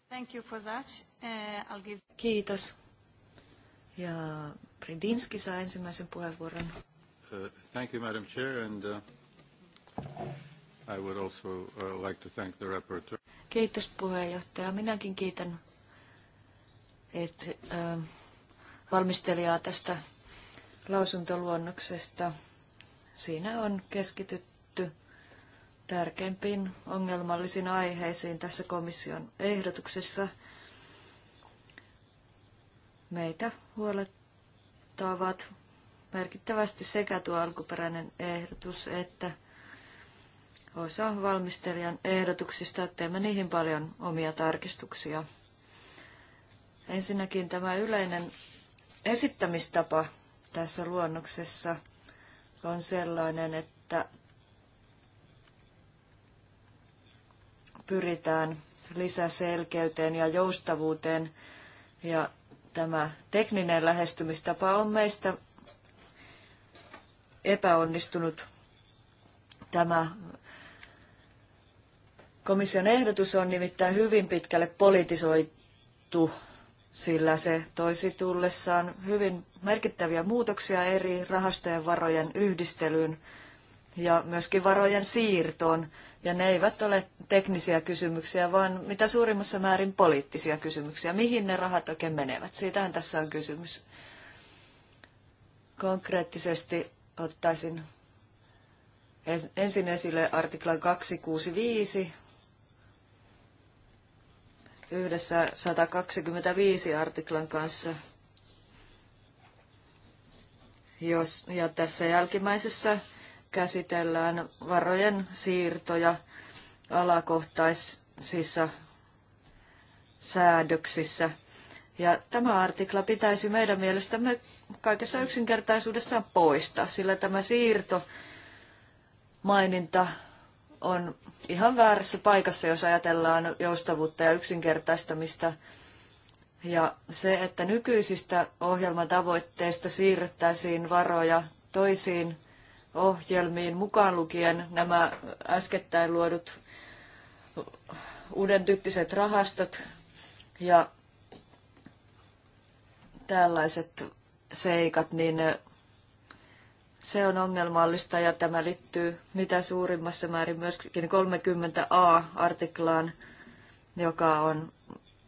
Thank you for that. Uh, I'll give... Kiitos. Ja Bredinski saa ensimmäisen puheenvuoron. Uh, thank you, Madam Chair, and uh, I would also uh, like to thank the rapporteur. Kiitos puheenjohtaja. Minäkin kiitän et, äh, valmistelijaa tästä lausuntoluonnoksesta. Siinä on keskitytty tärkeimpiin ongelmallisiin aiheisiin tässä komission ehdotuksessa. Meitä huolettavat merkittävästi sekä tuo alkuperäinen ehdotus että osa valmistelijan ehdotuksista. Teemme niihin paljon omia tarkistuksia. Ensinnäkin tämä yleinen esittämistapa tässä luonnoksessa on sellainen, että pyritään lisäselkeyteen ja joustavuuteen. Ja tämä tekninen lähestymistapa on meistä epäonnistunut. Tämä Komission ehdotus on nimittäin hyvin pitkälle politisoitu, sillä se toisi tullessaan hyvin merkittäviä muutoksia eri rahastojen varojen yhdistelyyn ja myöskin varojen siirtoon. Ja ne eivät ole teknisiä kysymyksiä, vaan mitä suurimmassa määrin poliittisia kysymyksiä. Mihin ne rahat oikein menevät? Siitähän tässä on kysymys. Konkreettisesti ottaisin ensin esille artiklan 265 yhdessä 125 artiklan kanssa. Jos, ja tässä jälkimmäisessä käsitellään varojen siirtoja alakohtaisissa säädöksissä. Ja tämä artikla pitäisi meidän mielestämme kaikessa yksinkertaisuudessaan poistaa, sillä tämä siirto maininta on ihan väärässä paikassa, jos ajatellaan joustavuutta ja yksinkertaistamista. Ja se, että nykyisistä ohjelmatavoitteista siirrettäisiin varoja toisiin ohjelmiin, mukaan lukien nämä äskettäin luodut uuden tyyppiset rahastot ja tällaiset seikat, niin se on ongelmallista ja tämä liittyy mitä suurimmassa määrin myöskin 30a-artiklaan, joka on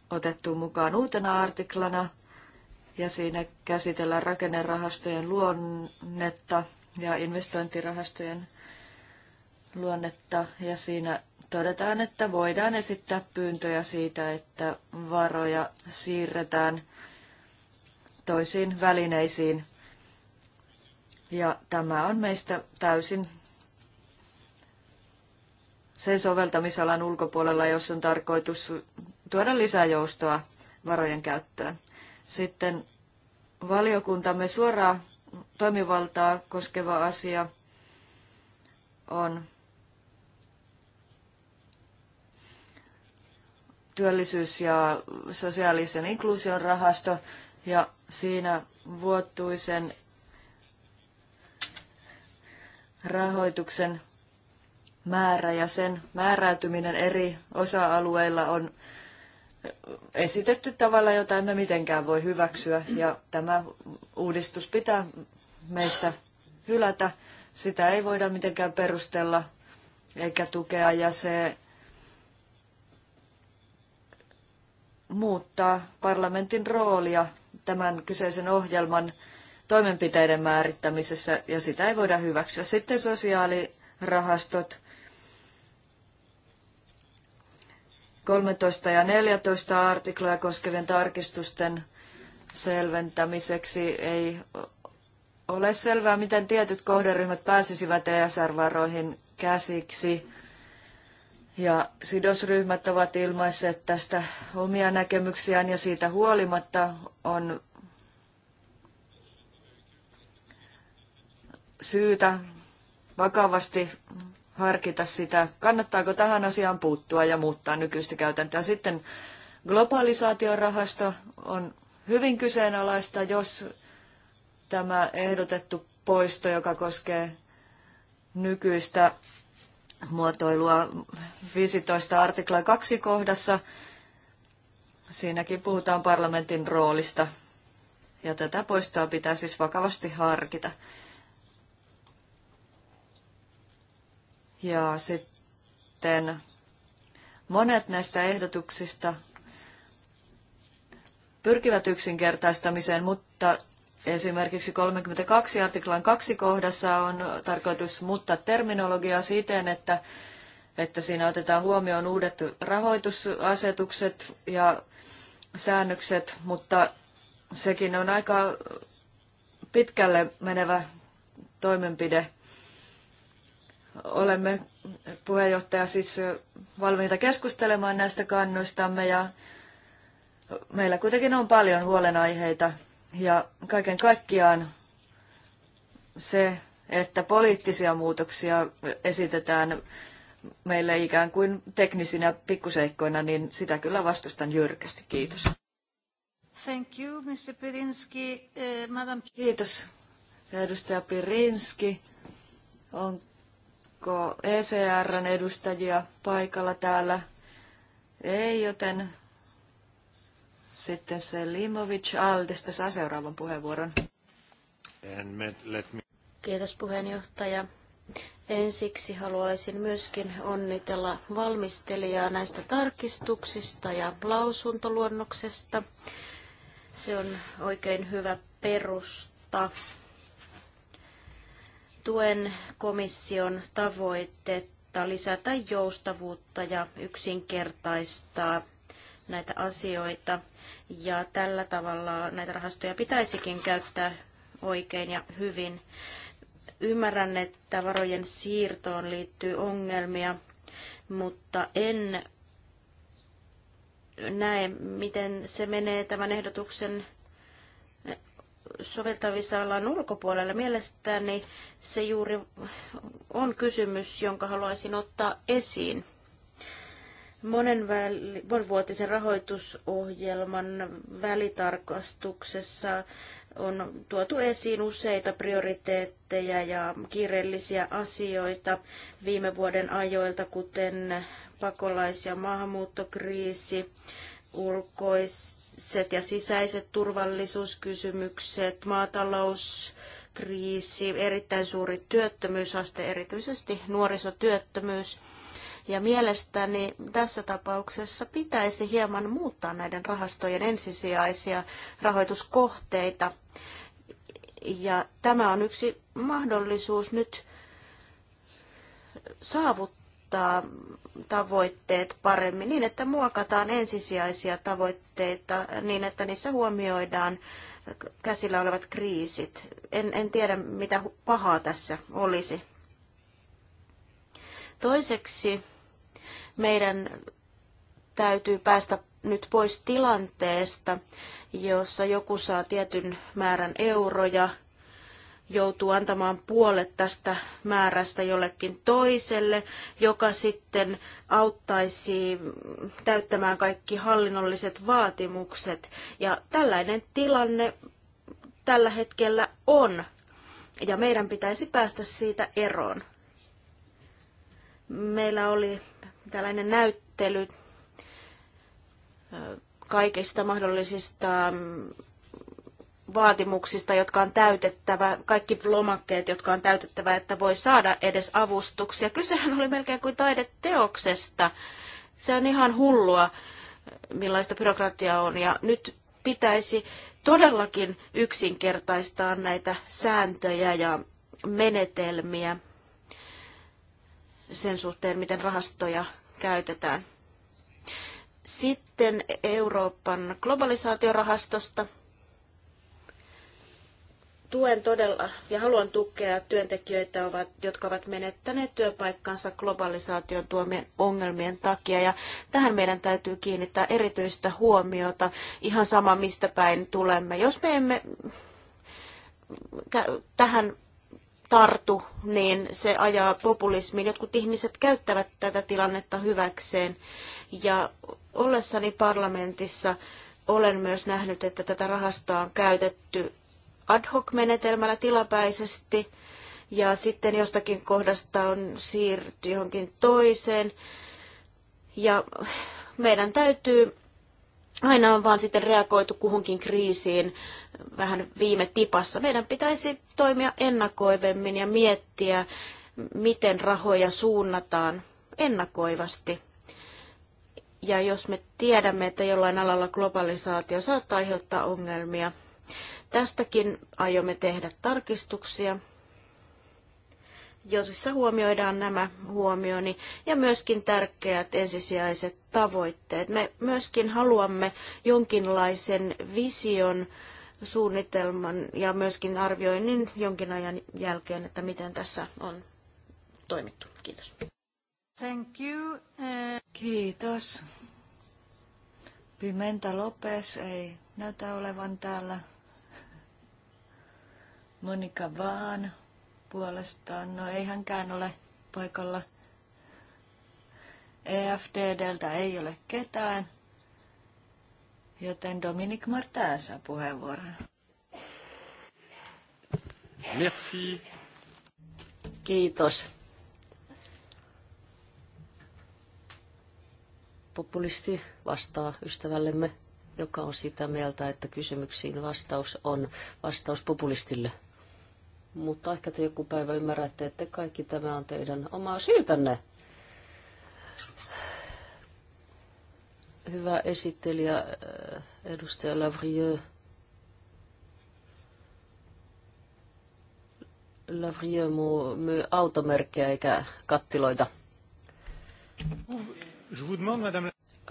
otettu mukaan uutena artiklana ja siinä käsitellään rakennerahastojen luonnetta ja investointirahastojen luonnetta ja siinä todetaan, että voidaan esittää pyyntöjä siitä, että varoja siirretään toisiin välineisiin ja tämä on meistä täysin sen soveltamisalan ulkopuolella, jos on tarkoitus tuoda joustoa varojen käyttöön. Sitten valiokuntamme suoraa toimivaltaa koskeva asia on työllisyys- ja sosiaalisen inkluusion rahasto ja siinä vuotuisen Rahoituksen määrä ja sen määräytyminen eri osa-alueilla on esitetty tavalla, jota emme mitenkään voi hyväksyä. Ja tämä uudistus pitää meistä hylätä. Sitä ei voida mitenkään perustella eikä tukea. Ja se muuttaa parlamentin roolia tämän kyseisen ohjelman toimenpiteiden määrittämisessä ja sitä ei voida hyväksyä. Sitten sosiaalirahastot 13 ja 14 artikloja koskevien tarkistusten selventämiseksi ei ole selvää, miten tietyt kohderyhmät pääsisivät ESR-varoihin käsiksi. Ja sidosryhmät ovat ilmaisseet tästä omia näkemyksiään ja siitä huolimatta on syytä vakavasti harkita sitä, kannattaako tähän asiaan puuttua ja muuttaa nykyistä käytäntöä. Sitten globalisaatiorahasto on hyvin kyseenalaista, jos tämä ehdotettu poisto, joka koskee nykyistä muotoilua 15 artikla 2 kohdassa. Siinäkin puhutaan parlamentin roolista ja tätä poistoa pitää siis vakavasti harkita. Ja sitten monet näistä ehdotuksista pyrkivät yksinkertaistamiseen, mutta esimerkiksi 32 artiklan kaksi kohdassa on tarkoitus muuttaa terminologiaa siten, että, että siinä otetaan huomioon uudet rahoitusasetukset ja säännökset, mutta sekin on aika pitkälle menevä toimenpide. Olemme puheenjohtaja siis valmiita keskustelemaan näistä kannoistamme ja meillä kuitenkin on paljon huolenaiheita ja kaiken kaikkiaan se, että poliittisia muutoksia esitetään meille ikään kuin teknisinä pikkuseikkoina, niin sitä kyllä vastustan jyrkästi. Kiitos. Thank you, Mr. Pirinski. Eh, Madam... Kiitos, edustaja Pirinski. On, Onko ECRn edustajia paikalla täällä? Ei, joten sitten Selimovic Aldesta saa seuraavan puheenvuoron. Kiitos puheenjohtaja. Ensiksi haluaisin myöskin onnitella valmistelijaa näistä tarkistuksista ja lausuntoluonnoksesta. Se on oikein hyvä perusta Tuen komission tavoitetta lisätä joustavuutta ja yksinkertaistaa näitä asioita. Ja tällä tavalla näitä rahastoja pitäisikin käyttää oikein ja hyvin. Ymmärrän, että varojen siirtoon liittyy ongelmia, mutta en näe, miten se menee tämän ehdotuksen soveltavissa soveltavisalan ulkopuolella. Mielestäni se juuri on kysymys, jonka haluaisin ottaa esiin. Monen väli, monivuotisen rahoitusohjelman välitarkastuksessa on tuotu esiin useita prioriteetteja ja kiireellisiä asioita viime vuoden ajoilta, kuten pakolais- ja maahanmuuttokriisi, ulkois- sisäiset ja sisäiset turvallisuuskysymykset, maatalouskriisi, erittäin suuri työttömyysaste, erityisesti nuorisotyöttömyys. Ja mielestäni tässä tapauksessa pitäisi hieman muuttaa näiden rahastojen ensisijaisia rahoituskohteita. Ja tämä on yksi mahdollisuus nyt saavuttaa tavoitteet paremmin niin, että muokataan ensisijaisia tavoitteita niin, että niissä huomioidaan käsillä olevat kriisit. En, en tiedä, mitä pahaa tässä olisi. Toiseksi meidän täytyy päästä nyt pois tilanteesta, jossa joku saa tietyn määrän euroja – joutuu antamaan puolet tästä määrästä jollekin toiselle, joka sitten auttaisi täyttämään kaikki hallinnolliset vaatimukset. Ja tällainen tilanne tällä hetkellä on, ja meidän pitäisi päästä siitä eroon. Meillä oli tällainen näyttely kaikista mahdollisista mm, vaatimuksista, jotka on täytettävä, kaikki lomakkeet, jotka on täytettävä, että voi saada edes avustuksia. Kysehän oli melkein kuin taideteoksesta. Se on ihan hullua, millaista byrokratiaa on. Ja nyt pitäisi todellakin yksinkertaistaa näitä sääntöjä ja menetelmiä sen suhteen, miten rahastoja käytetään. Sitten Euroopan globalisaatiorahastosta – tuen todella ja haluan tukea työntekijöitä, jotka ovat menettäneet työpaikkansa globalisaation tuomien ongelmien takia. Ja tähän meidän täytyy kiinnittää erityistä huomiota, ihan sama mistä päin tulemme. Jos me emme tähän tartu, niin se ajaa populismiin. Jotkut ihmiset käyttävät tätä tilannetta hyväkseen. Ja ollessani parlamentissa olen myös nähnyt, että tätä rahastoa on käytetty ad hoc-menetelmällä tilapäisesti ja sitten jostakin kohdasta on siirrytty johonkin toiseen. Ja meidän täytyy aina on vaan sitten reagoitu kuhunkin kriisiin vähän viime tipassa. Meidän pitäisi toimia ennakoivemmin ja miettiä, miten rahoja suunnataan ennakoivasti. Ja jos me tiedämme, että jollain alalla globalisaatio saattaa aiheuttaa ongelmia, Tästäkin aiomme tehdä tarkistuksia, josissa huomioidaan nämä huomioni ja myöskin tärkeät ensisijaiset tavoitteet. Me myöskin haluamme jonkinlaisen vision, suunnitelman ja myöskin arvioinnin jonkin ajan jälkeen, että miten tässä on toimittu. Kiitos. Thank you. Eh, Kiitos. Pimenta Lopes ei näytä olevan täällä. Monika Vaan puolestaan, no ei hänkään ole paikalla. EFDDltä ei ole ketään, joten Dominik Martin saa puheenvuoron. Merci. Kiitos. Populisti vastaa ystävällemme, joka on sitä mieltä, että kysymyksiin vastaus on vastaus populistille. Mutta ehkä te joku päivä ymmärrätte, että kaikki tämä on teidän omaa syytänne. Hyvä esittelijä, eh, edustaja Lavrieux. Lavrieux myy automerkkejä eikä kattiloita.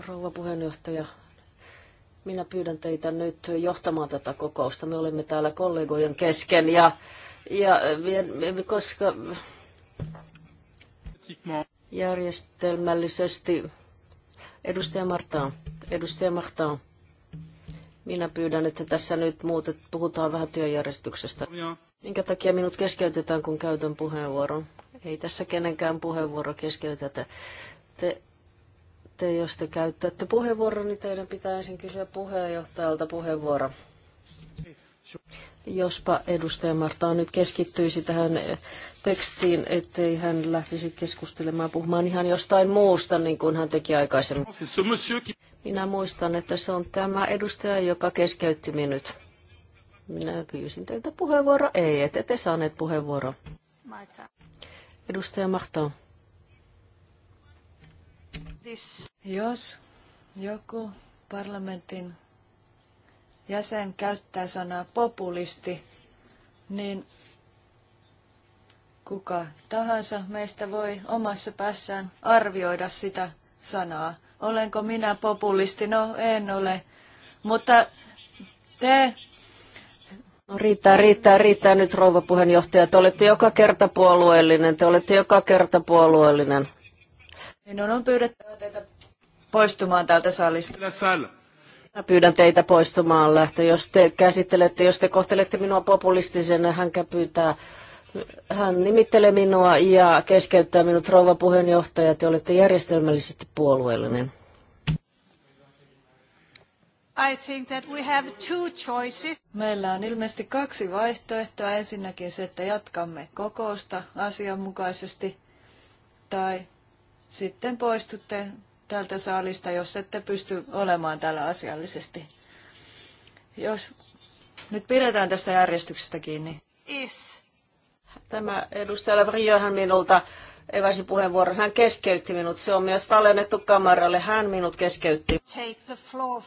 Rouva puheenjohtaja, minä pyydän teitä nyt johtamaan tätä kokousta. Me olemme täällä kollegojen kesken ja ja, koska järjestelmällisesti edustaja Martaan, edustaja Martaan. Minä pyydän, että tässä nyt että puhutaan vähän työjärjestyksestä. Minkä takia minut keskeytetään, kun käytän puheenvuoron? Ei tässä kenenkään puheenvuoro keskeytetä. Te, te jos te käyttäette puheenvuoron, niin teidän pitää ensin kysyä puheenjohtajalta puheenvuoro. Jospa edustaja Marta nyt keskittyisi tähän tekstiin, ettei hän lähtisi keskustelemaan puhumaan ihan jostain muusta, niin kuin hän teki aikaisemmin. Minä muistan, että se on tämä edustaja, joka keskeytti minut. Minä pyysin teiltä puheenvuoro. Ei, ette te saaneet puheenvuoro. Edustaja Marta. Jos joku parlamentin jäsen käyttää sanaa populisti, niin kuka tahansa meistä voi omassa päässään arvioida sitä sanaa. Olenko minä populisti? No en ole. Mutta te... No, riittää, riittää, riittää nyt rouva puheenjohtaja. Te olette joka kerta puolueellinen. Te olette joka kerta puolueellinen. Minun on pyydettävä teitä poistumaan täältä salista minä pyydän teitä poistumaan lähtö. Jos te käsittelette, jos te kohtelette minua populistisena, hän pyytää hän nimittelee minua ja keskeyttää minut rouva puheenjohtaja. Te olette järjestelmällisesti puolueellinen. I think that we have two choices. Meillä on ilmeisesti kaksi vaihtoehtoa. Ensinnäkin se, että jatkamme kokousta asianmukaisesti tai sitten poistutte tältä saalista, jos ette pysty olemaan täällä asiallisesti. Jos nyt pidetään tästä järjestyksestä kiinni. Is. Tämä edustaja Lavriohan minulta eväsi puheenvuoron. Hän keskeytti minut. Se on myös tallennettu kameralle. Hän minut keskeytti. Take the floor.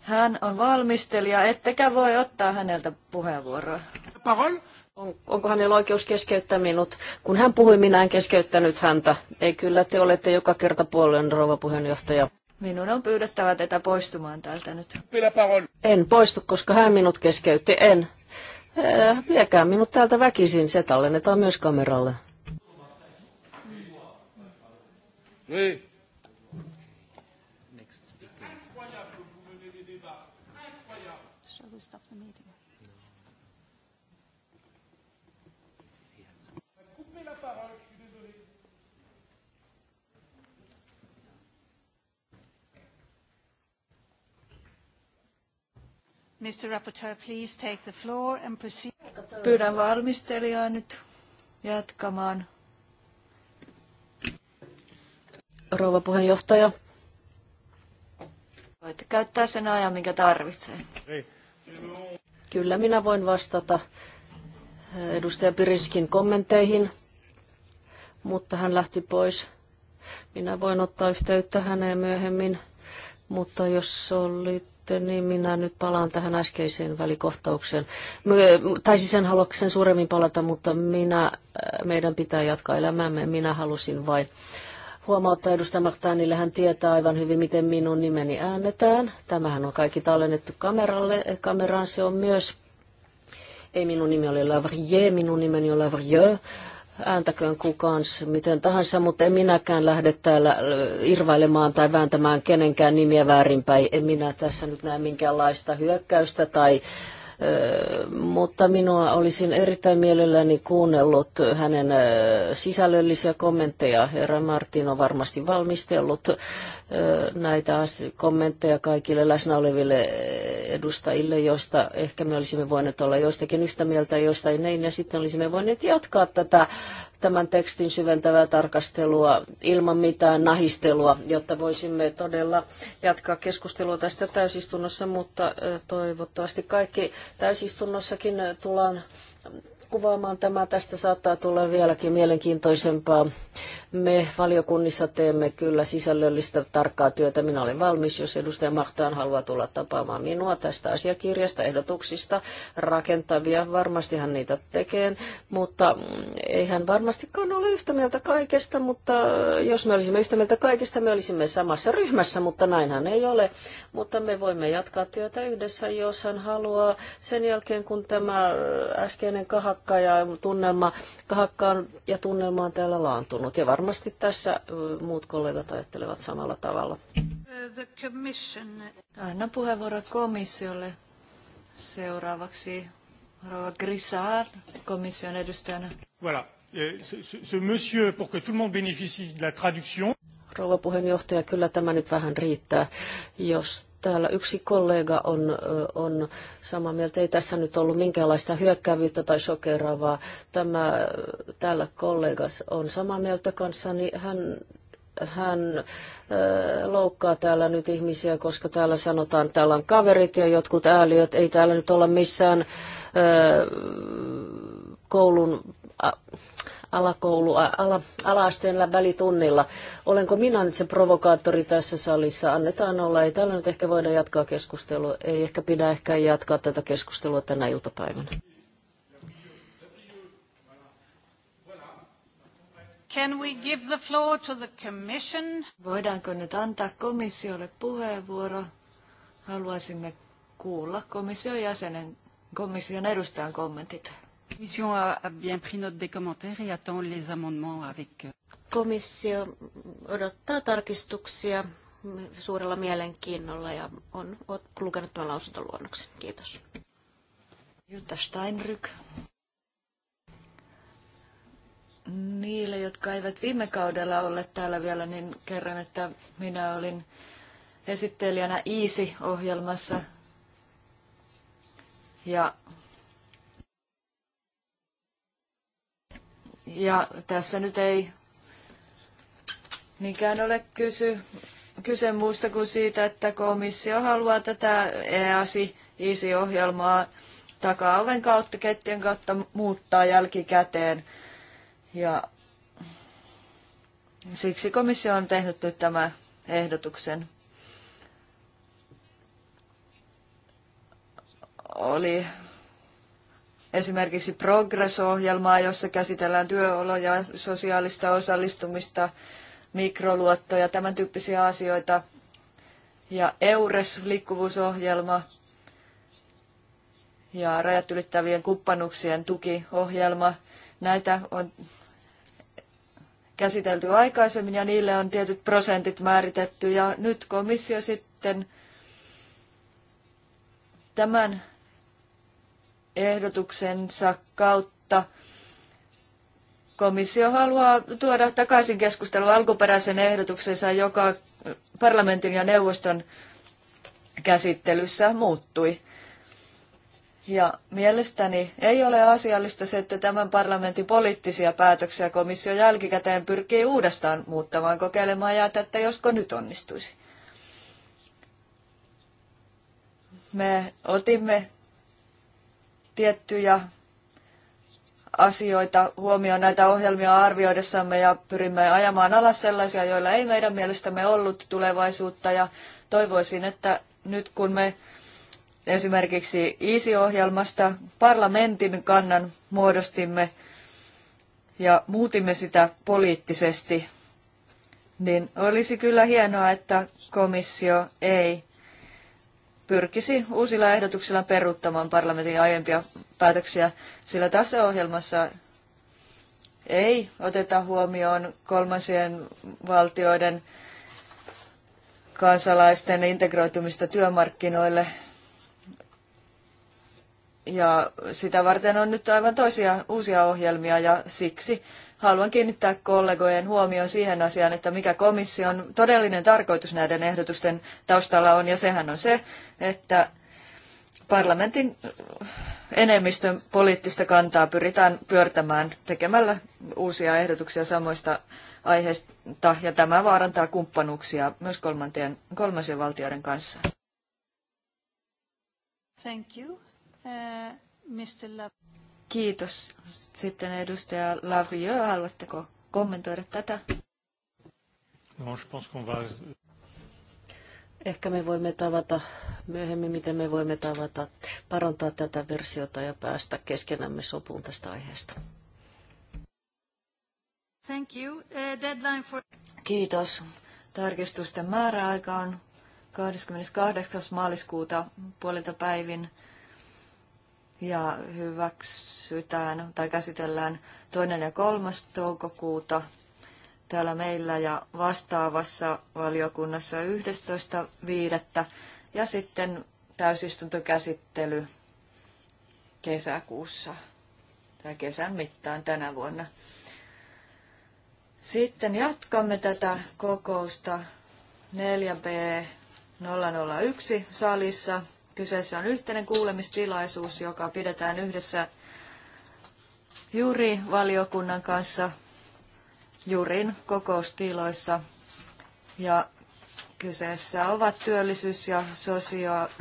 Hän on valmistelija, ettekä voi ottaa häneltä puheenvuoroa. Parole on, onko hänellä oikeus keskeyttää minut? Kun hän puhui, minä en keskeyttänyt häntä. Ei kyllä, te olette joka kerta puolueen rouva puheenjohtaja. Minun on pyydettävä tätä poistumaan täältä nyt. En poistu, koska hän minut keskeytti. En. Eh, viekää minut täältä väkisin. Se tallennetaan myös kameralle. Niin. Pyydän valmistelijaa nyt jatkamaan. Rouva puheenjohtaja. Voitte käyttää sen ajan, minkä tarvitsee. Kyllä minä voin vastata edustaja Piriskin kommentteihin, mutta hän lähti pois. Minä voin ottaa yhteyttä häneen myöhemmin, mutta jos oli sitten, niin minä nyt palaan tähän äskeiseen välikohtaukseen. Tai siis en halua sen suuremmin palata, mutta minä, äh, meidän pitää jatkaa elämäämme. Minä halusin vain huomauttaa edustaja Martinille, hän tietää aivan hyvin, miten minun nimeni äännetään. Tämähän on kaikki tallennettu kameralle. Kameraan se on myös, ei minun nimi ole Lavrier, minun nimeni on Lavrieux ääntäköön kukaan miten tahansa, mutta en minäkään lähde täällä äh, irvailemaan tai vääntämään kenenkään nimiä väärinpäin. En minä tässä nyt näe minkäänlaista hyökkäystä tai mutta minua olisin erittäin mielelläni kuunnellut hänen sisällöllisiä kommentteja. Herra Martin on varmasti valmistellut näitä kommentteja kaikille läsnä oleville edustajille, joista ehkä me olisimme voineet olla joistakin yhtä mieltä, joista ei näin, ja sitten olisimme voineet jatkaa tätä tämän tekstin syventävää tarkastelua ilman mitään nahistelua, jotta voisimme todella jatkaa keskustelua tästä täysistunnossa, mutta toivottavasti kaikki täysistunnossakin tullaan kuvaamaan tämä. Tästä saattaa tulla vieläkin mielenkiintoisempaa me valiokunnissa teemme kyllä sisällöllistä tarkkaa työtä. Minä olen valmis, jos edustaja Mahtaan haluaa tulla tapaamaan minua tästä asiakirjasta, ehdotuksista, rakentavia. Varmasti hän niitä tekee, mutta ei hän varmastikaan ole yhtä mieltä kaikesta, mutta jos me olisimme yhtä mieltä kaikesta, me olisimme samassa ryhmässä, mutta näinhän ei ole. Mutta me voimme jatkaa työtä yhdessä, jos hän haluaa. Sen jälkeen, kun tämä äskeinen kahakka ja tunnelma, kahakkaan ja tunnelma on täällä laantunut. Ja varmasti Varmasti tässä muut kollegat ajattelevat samalla tavalla. Annan puheenvuoro komissiolle. Seuraavaksi Rova Grisard komission edustajana. Voilà. Euh, ce monsieur, pour que tout le monde bénéficie de la traduction. Rouva puheenjohtaja, kyllä tämä nyt vähän riittää. Jos Täällä yksi kollega on, on samaa mieltä. Ei tässä nyt ollut minkäänlaista hyökkäävyyttä tai sokeravaa. Tämä, täällä kollegas on samaa mieltä kanssani. Hän hän loukkaa täällä nyt ihmisiä, koska täällä sanotaan, että täällä on kaverit ja jotkut ääliöt. Ei täällä nyt olla missään koulun alakoulu, ala, ala-asteella välitunnilla. Olenko minä nyt se provokaattori tässä salissa? Annetaan olla. Ei täällä nyt ehkä voida jatkaa keskustelua. Ei ehkä pidä ehkä jatkaa tätä keskustelua tänä iltapäivänä. Can we give the floor to the commission? Voidaanko nyt antaa komissiolle puheenvuoro? Haluaisimme kuulla komission jäsenen, komission edustajan kommentit. Komissio a bien pris note des commentaires et attend les amendements avec... Euh, Komissio odottaa tarkistuksia suurella mielenkiinnolla ja on, lukenut tuon lausuntoluonnoksen. Kiitos. Jutta Steinryk. Niille, jotka eivät viime kaudella olleet täällä vielä, niin kerran, että minä olin esittelijänä Iisi-ohjelmassa. Ja Ja tässä nyt ei niinkään ole kysy, kyse muusta kuin siitä, että komissio haluaa tätä EASI-ISI-ohjelmaa takaoven kautta, kettien kautta muuttaa jälkikäteen. Ja siksi komissio on tehnyt nyt tämän ehdotuksen. Oli esimerkiksi Progress-ohjelmaa, jossa käsitellään työoloja, sosiaalista osallistumista, mikroluottoja, tämän tyyppisiä asioita. Ja EURES-liikkuvuusohjelma ja rajat ylittävien kumppanuuksien tukiohjelma. Näitä on käsitelty aikaisemmin ja niille on tietyt prosentit määritetty. Ja nyt komissio sitten tämän ehdotuksensa kautta komissio haluaa tuoda takaisin keskustelun alkuperäisen ehdotuksensa, joka parlamentin ja neuvoston käsittelyssä muuttui. Ja mielestäni ei ole asiallista se, että tämän parlamentin poliittisia päätöksiä komissio jälkikäteen pyrkii uudestaan muuttamaan kokeilemaan ja että josko nyt onnistuisi. Me otimme tiettyjä asioita huomioon näitä ohjelmia arvioidessamme ja pyrimme ajamaan alas sellaisia, joilla ei meidän mielestämme ollut tulevaisuutta. Ja toivoisin, että nyt kun me esimerkiksi ISI-ohjelmasta parlamentin kannan muodostimme ja muutimme sitä poliittisesti, niin olisi kyllä hienoa, että komissio ei pyrkisi uusilla ehdotuksilla peruuttamaan parlamentin aiempia päätöksiä, sillä tässä ohjelmassa ei oteta huomioon kolmansien valtioiden kansalaisten integroitumista työmarkkinoille. Ja sitä varten on nyt aivan toisia uusia ohjelmia ja siksi haluan kiinnittää kollegojen huomioon siihen asiaan, että mikä komission todellinen tarkoitus näiden ehdotusten taustalla on, ja sehän on se, että parlamentin enemmistön poliittista kantaa pyritään pyörtämään tekemällä uusia ehdotuksia samoista aiheista, ja tämä vaarantaa kumppanuuksia myös kolmantien, kolmansien valtioiden kanssa. Thank you. Uh, Mr. Kiitos. Sitten edustaja Lavrieux, haluatteko kommentoida tätä? No, je pense va... Ehkä me voimme tavata myöhemmin, miten me voimme tavata, parantaa tätä versiota ja päästä keskenämme sopuun tästä aiheesta. Thank you. Uh, deadline for... Kiitos. Tarkistusten määräaika on 28. maaliskuuta puolilta päivin ja hyväksytään tai käsitellään toinen ja kolmas toukokuuta täällä meillä ja vastaavassa valiokunnassa 11.5. ja sitten täysistuntokäsittely kesäkuussa tai kesän mittaan tänä vuonna. Sitten jatkamme tätä kokousta 4B001 salissa Kyseessä on yhteinen kuulemistilaisuus, joka pidetään yhdessä juuri valiokunnan kanssa jurin kokoustiloissa. Ja kyseessä ovat työllisyys- ja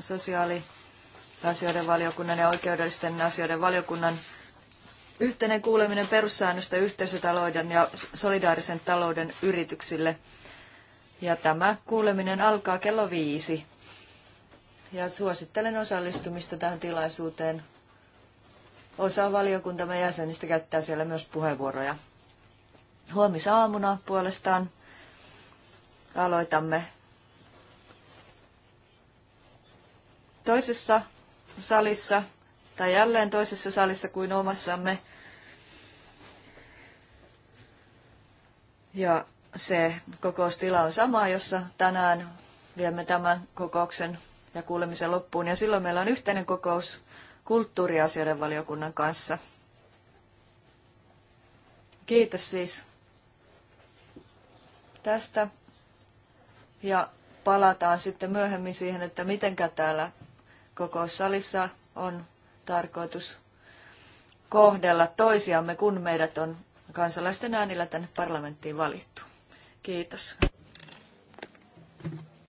sosiaaliasioiden valiokunnan ja oikeudellisten asioiden valiokunnan yhteinen kuuleminen perussäännöstä yhteisötalouden ja solidaarisen talouden yrityksille. Ja tämä kuuleminen alkaa kello viisi ja suosittelen osallistumista tähän tilaisuuteen. Osa valiokuntamme jäsenistä käyttää siellä myös puheenvuoroja. Huomisaamuna puolestaan aloitamme toisessa salissa tai jälleen toisessa salissa kuin omassamme. Ja se kokoustila on sama, jossa tänään viemme tämän kokouksen ja kuulemisen loppuun. Ja silloin meillä on yhteinen kokous kulttuuriasioiden valiokunnan kanssa. Kiitos siis tästä. Ja palataan sitten myöhemmin siihen, että mitenkä täällä kokoussalissa on tarkoitus kohdella toisiamme, kun meidät on kansalaisten äänillä tänne parlamenttiin valittu. Kiitos.